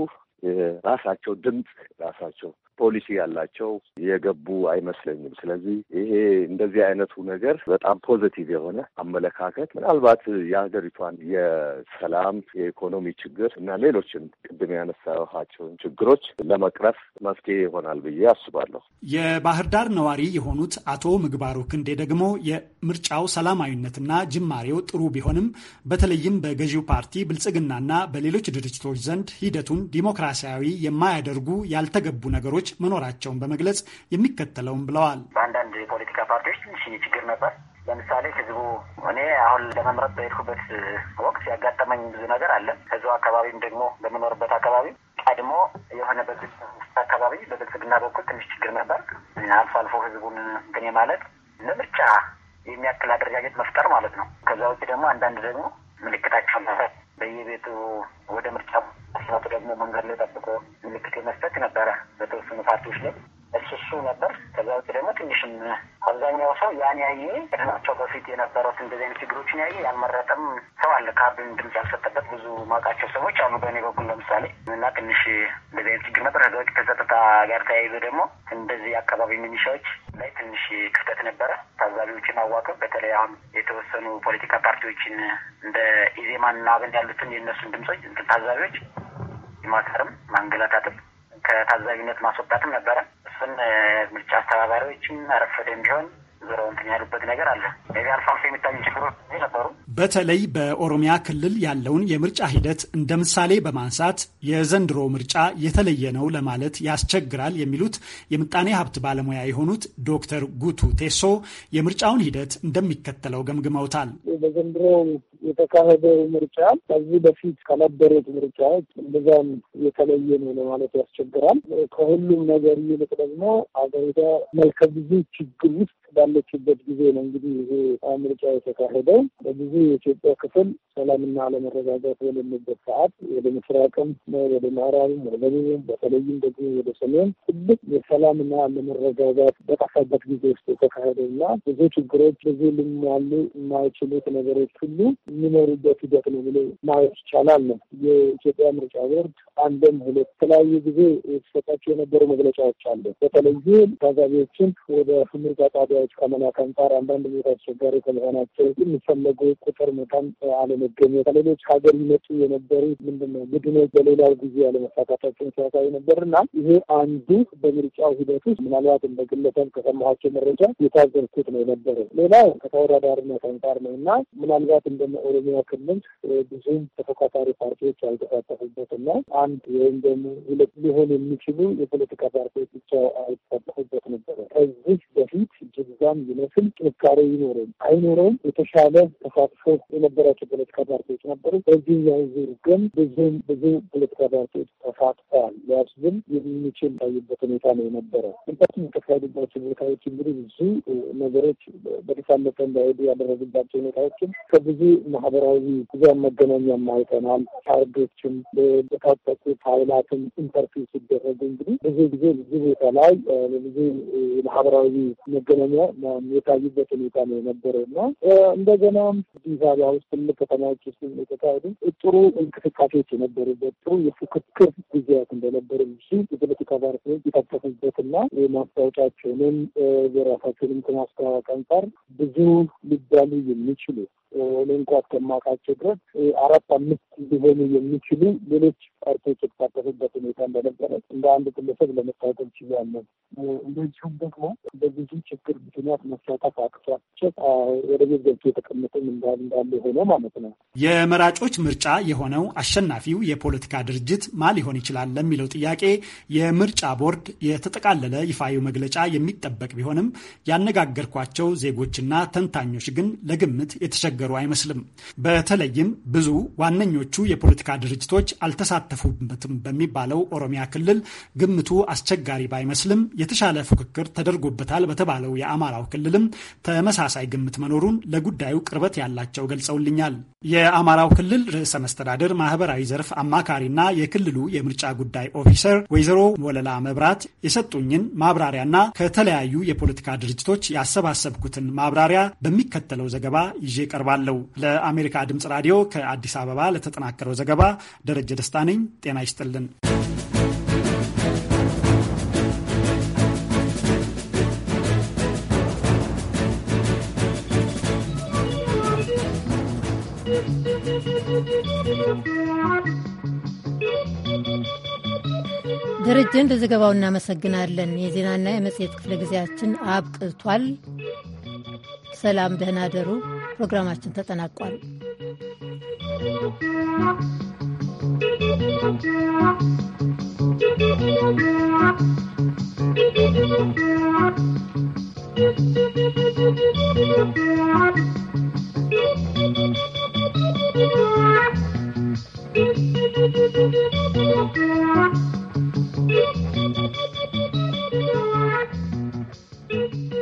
የራሳቸው ድምፅ ራሳቸው ፖሊሲ ያላቸው የገቡ አይመስለኝም። ስለዚህ ይሄ እንደዚህ አይነቱ ነገር በጣም ፖዘቲቭ የሆነ አመለካከት ምናልባት የሀገሪቷን የሰላም የኢኮኖሚ ችግር እና ሌሎችን ቅድም ያነሳኋቸውን ችግሮች ለመቅረፍ መፍትሄ ይሆናል ብዬ አስባለሁ። የባህር ዳር ነዋሪ የሆኑት አቶ ምግባሩ ክንዴ ደግሞ የምርጫው ሰላማዊነትና ጅማሬው ጥሩ ቢሆንም በተለይም በገዢው ፓርቲ ብልጽግናና በሌሎች ድርጅቶች ዘንድ ሂደቱን ዲሞክራሲያዊ የማያደርጉ ያልተገቡ ነገሮች ችግሮች መኖራቸውን በመግለጽ የሚከተለውም ብለዋል። በአንዳንድ የፖለቲካ ፓርቲዎች ትንሽ ችግር ነበር። ለምሳሌ ህዝቡ እኔ አሁን ለመምረጥ በሄድኩበት ወቅት ያጋጠመኝ ብዙ ነገር አለ። ህዝቡ አካባቢም ደግሞ በምኖርበት አካባቢ ቀድሞ የሆነ በግል አካባቢ በብልጽግና በኩል ትንሽ ችግር ነበር። አልፎ አልፎ ህዝቡን ግን ማለት ለምርጫ የሚያክል አደረጃጀት መፍጠር ማለት ነው። ከዛ ውጭ ደግሞ አንዳንድ ደግሞ ምልክታቸውን በየቤቱ ወደ ምርጫ ሲመጡ ደግሞ መንገድ ላይ ጠብቆ ምልክት የመስጠት ነበረ በተወሰኑ ፓርቲዎች ላይ እሱ ነበር። ከዛ ውጭ ደግሞ ትንሽም አብዛኛው ሰው ያን ያየ ከድናቸው በፊት የነበሩት እንደዚህ አይነት ችግሮችን ያየ ያልመረጠም ሰው አለ። ካርድን ድምጽ ያልሰጠበት ብዙ ማውቃቸው ሰዎች አሉ፣ በእኔ በኩል ለምሳሌ እና ትንሽ እንደዚህ አይነት ችግር ነበር። ከዛ ውጭ ከጸጥታ ጋር ተያይዞ ደግሞ እንደዚህ አካባቢ ሚኒሻዎች ላይ ትንሽ ክፍተት ነበረ። ታዛቢዎችን አዋቅም በተለይ አሁን የተወሰኑ ፖለቲካ ፓርቲዎችን እንደ ኢዜማና አብን ያሉትን የእነሱን ድምጾች ታዛቢዎች ማሰርም ማንገላታትም ከታዛቢነት ማስወጣትም ነበረ። እሱን ምርጫ አስተባባሪዎችም አረፈደም ቢሆን እንትን ያሉበት ነገር አለ። አልፎ አልፎ የሚታዩ ችግሮች ነበሩ። በተለይ በኦሮሚያ ክልል ያለውን የምርጫ ሂደት እንደ ምሳሌ በማንሳት የዘንድሮ ምርጫ የተለየ ነው ለማለት ያስቸግራል የሚሉት የምጣኔ ሀብት ባለሙያ የሆኑት ዶክተር ጉቱ ቴሶ የምርጫውን ሂደት እንደሚከተለው ገምግመውታል። በዘንድሮ የተካሄደው ምርጫ ከዚህ በፊት ከነበሩት ምርጫዎች እንደዛም የተለየ ነው ለማለት ያስቸግራል። ከሁሉም ነገር ይልቅ ደግሞ አገሪቷ መልከ ብዙ ችግር ውስጥ ባለችበት ጊዜ ነው እንግዲህ ይሄ ምርጫ የተካሄደው። በብዙ የኢትዮጵያ ክፍል ሰላምና አለመረጋጋት በሌለበት ሰዓት ወደ ምስራቅም፣ ወደ ምዕራብም፣ ወደ ደቡብም በተለይም ደግሞ ወደ ሰሜን ትልቅ የሰላምና አለመረጋጋት በጠፋበት ጊዜ ውስጥ የተካሄደ እና ብዙ ችግሮች ብዙ ልማሉ የማይችሉት ነገሮች ሁሉ የሚኖሩበት ሂደት ነው ብሎ ማየት ይቻላል ነው የኢትዮጵያ ምርጫ ቦርድ አንድም ሁለት የተለያዩ ጊዜ የተሰጣቸው የነበሩ መግለጫዎች አለ። በተለይ ታዛቢዎችን ወደ ምርጫ ጣቢያ ሁኔታዎች ከመናት አንጻር አንዳንድ ቦታ አስቸጋሪ ከመሆናቸው የሚፈለጉ ቁጥር መጠን አለመገኘት ከሌሎች ሀገር ይመጡ የነበሩ ምንድነው ቡድኖች በሌላው ጊዜ አለመሳካታቸውን ሲያሳይ ነበር እና ይሄ አንዱ በምርጫው ሂደት ውስጥ ምናልባት እንደ ግለሰብ ከሰማኋቸው መረጃ የታዘብኩት ነው የነበረው። ሌላው ከተወዳዳሪነት አንጻር ነው እና ምናልባት እንደ ኦሮሚያ ክልል ብዙም ተፎካካሪ ፓርቲዎች ያልተሳተፉበት እና አንድ ወይም ደግሞ ሁለት ሊሆን የሚችሉ የፖለቲካ ፓርቲዎች ብቻ አልተሳተፉበት ነበረ ከዚህ በፊት እዛም ይመስል ጥንካሬ ይኖረን አይኖረውም የተሻለ ተሳትፎ የነበራቸው ፖለቲካ ፓርቲዎች ነበሩ። በዚህኛው ዙር ግን ብዙም ብዙ ፖለቲካ ፓርቲዎች ተሳትፈዋል። ሊያስብም የሚችል ታይበት ሁኔታ ነው የነበረው። ምክንያቱም የተካሄዱባቸው ሁኔታዎች እንግዲህ ብዙ ነገሮች በተሳለፈ እንዳይሄዱ ያደረጉባቸው ሁኔታዎችም ከብዙ ማህበራዊ ብዙሃን መገናኛ አይተናል። ታርዶችም በታጠቁ ኃይላትም ኢንተርፊው ሲደረጉ እንግዲህ ብዙ ጊዜ ብዙ ቦታ ላይ ብዙ ማህበራዊ መገናኛ የታዩበት ሁኔታ ነው የነበረው እና እንደገናም አዲስ አበባ ውስጥ ትልቅ ከተማዎች ውስጥ የተካሄዱ ጥሩ እንቅስቃሴዎች የነበሩበት ጥሩ የፉክክር ጊዜያት እንደነበሩ እሱ የፖለቲካ ፓርቲዎች እና የማስታወቂያቸውንም የራሳቸውንም ከማስተዋወቅ አንጻር ብዙ ሊባሉ የሚችሉ እኔ እንኳ እስከማውቃቸው ድረስ አራት አምስት ሊሆኑ የሚችሉ ሌሎች ፓርቲዎች የተሳተፉበት ሁኔታ እንደነበረ እንደ አንድ ግለሰብ ለመታወቅ ችያለሁ። እንደዚሁም ደግሞ በብዙ ችግር ምክንያት መሳተፍ አቅቷቸው ወደ ቤት ገብቶ የተቀመጠም እንዳለ የሆነ ማለት ነው። የመራጮች ምርጫ የሆነው አሸናፊው የፖለቲካ ድርጅት ማ ሊሆን ይችላል ለሚለው ጥያቄ የምርጫ ቦርድ የተጠቃለለ ይፋዊ መግለጫ የሚጠበቅ ቢሆንም ያነጋገርኳቸው ዜጎችና ተንታኞች ግን ለግምት የተሸገሩ የሚናገሩ አይመስልም። በተለይም ብዙ ዋነኞቹ የፖለቲካ ድርጅቶች አልተሳተፉበትም በሚባለው ኦሮሚያ ክልል ግምቱ አስቸጋሪ ባይመስልም የተሻለ ፉክክር ተደርጎበታል በተባለው የአማራው ክልልም ተመሳሳይ ግምት መኖሩን ለጉዳዩ ቅርበት ያላቸው ገልጸውልኛል። የአማራው ክልል ርዕሰ መስተዳደር ማህበራዊ ዘርፍ አማካሪና የክልሉ የምርጫ ጉዳይ ኦፊሰር ወይዘሮ ወለላ መብራት የሰጡኝን ማብራሪያና ከተለያዩ የፖለቲካ ድርጅቶች ያሰባሰብኩትን ማብራሪያ በሚከተለው ዘገባ ይዤ ቀርባል። አቀርባለሁ። ለአሜሪካ ድምፅ ራዲዮ ከአዲስ አበባ ለተጠናከረው ዘገባ ደረጀ ደስታ ነኝ። ጤና ይስጥልን። ደረጀን ለዘገባው እናመሰግናለን። የዜናና የመጽሔት ክፍለ ጊዜያችን አብቅቷል። ሰላም፣ ደህና ደሩ። ፕሮግራማችን ተጠናቋል።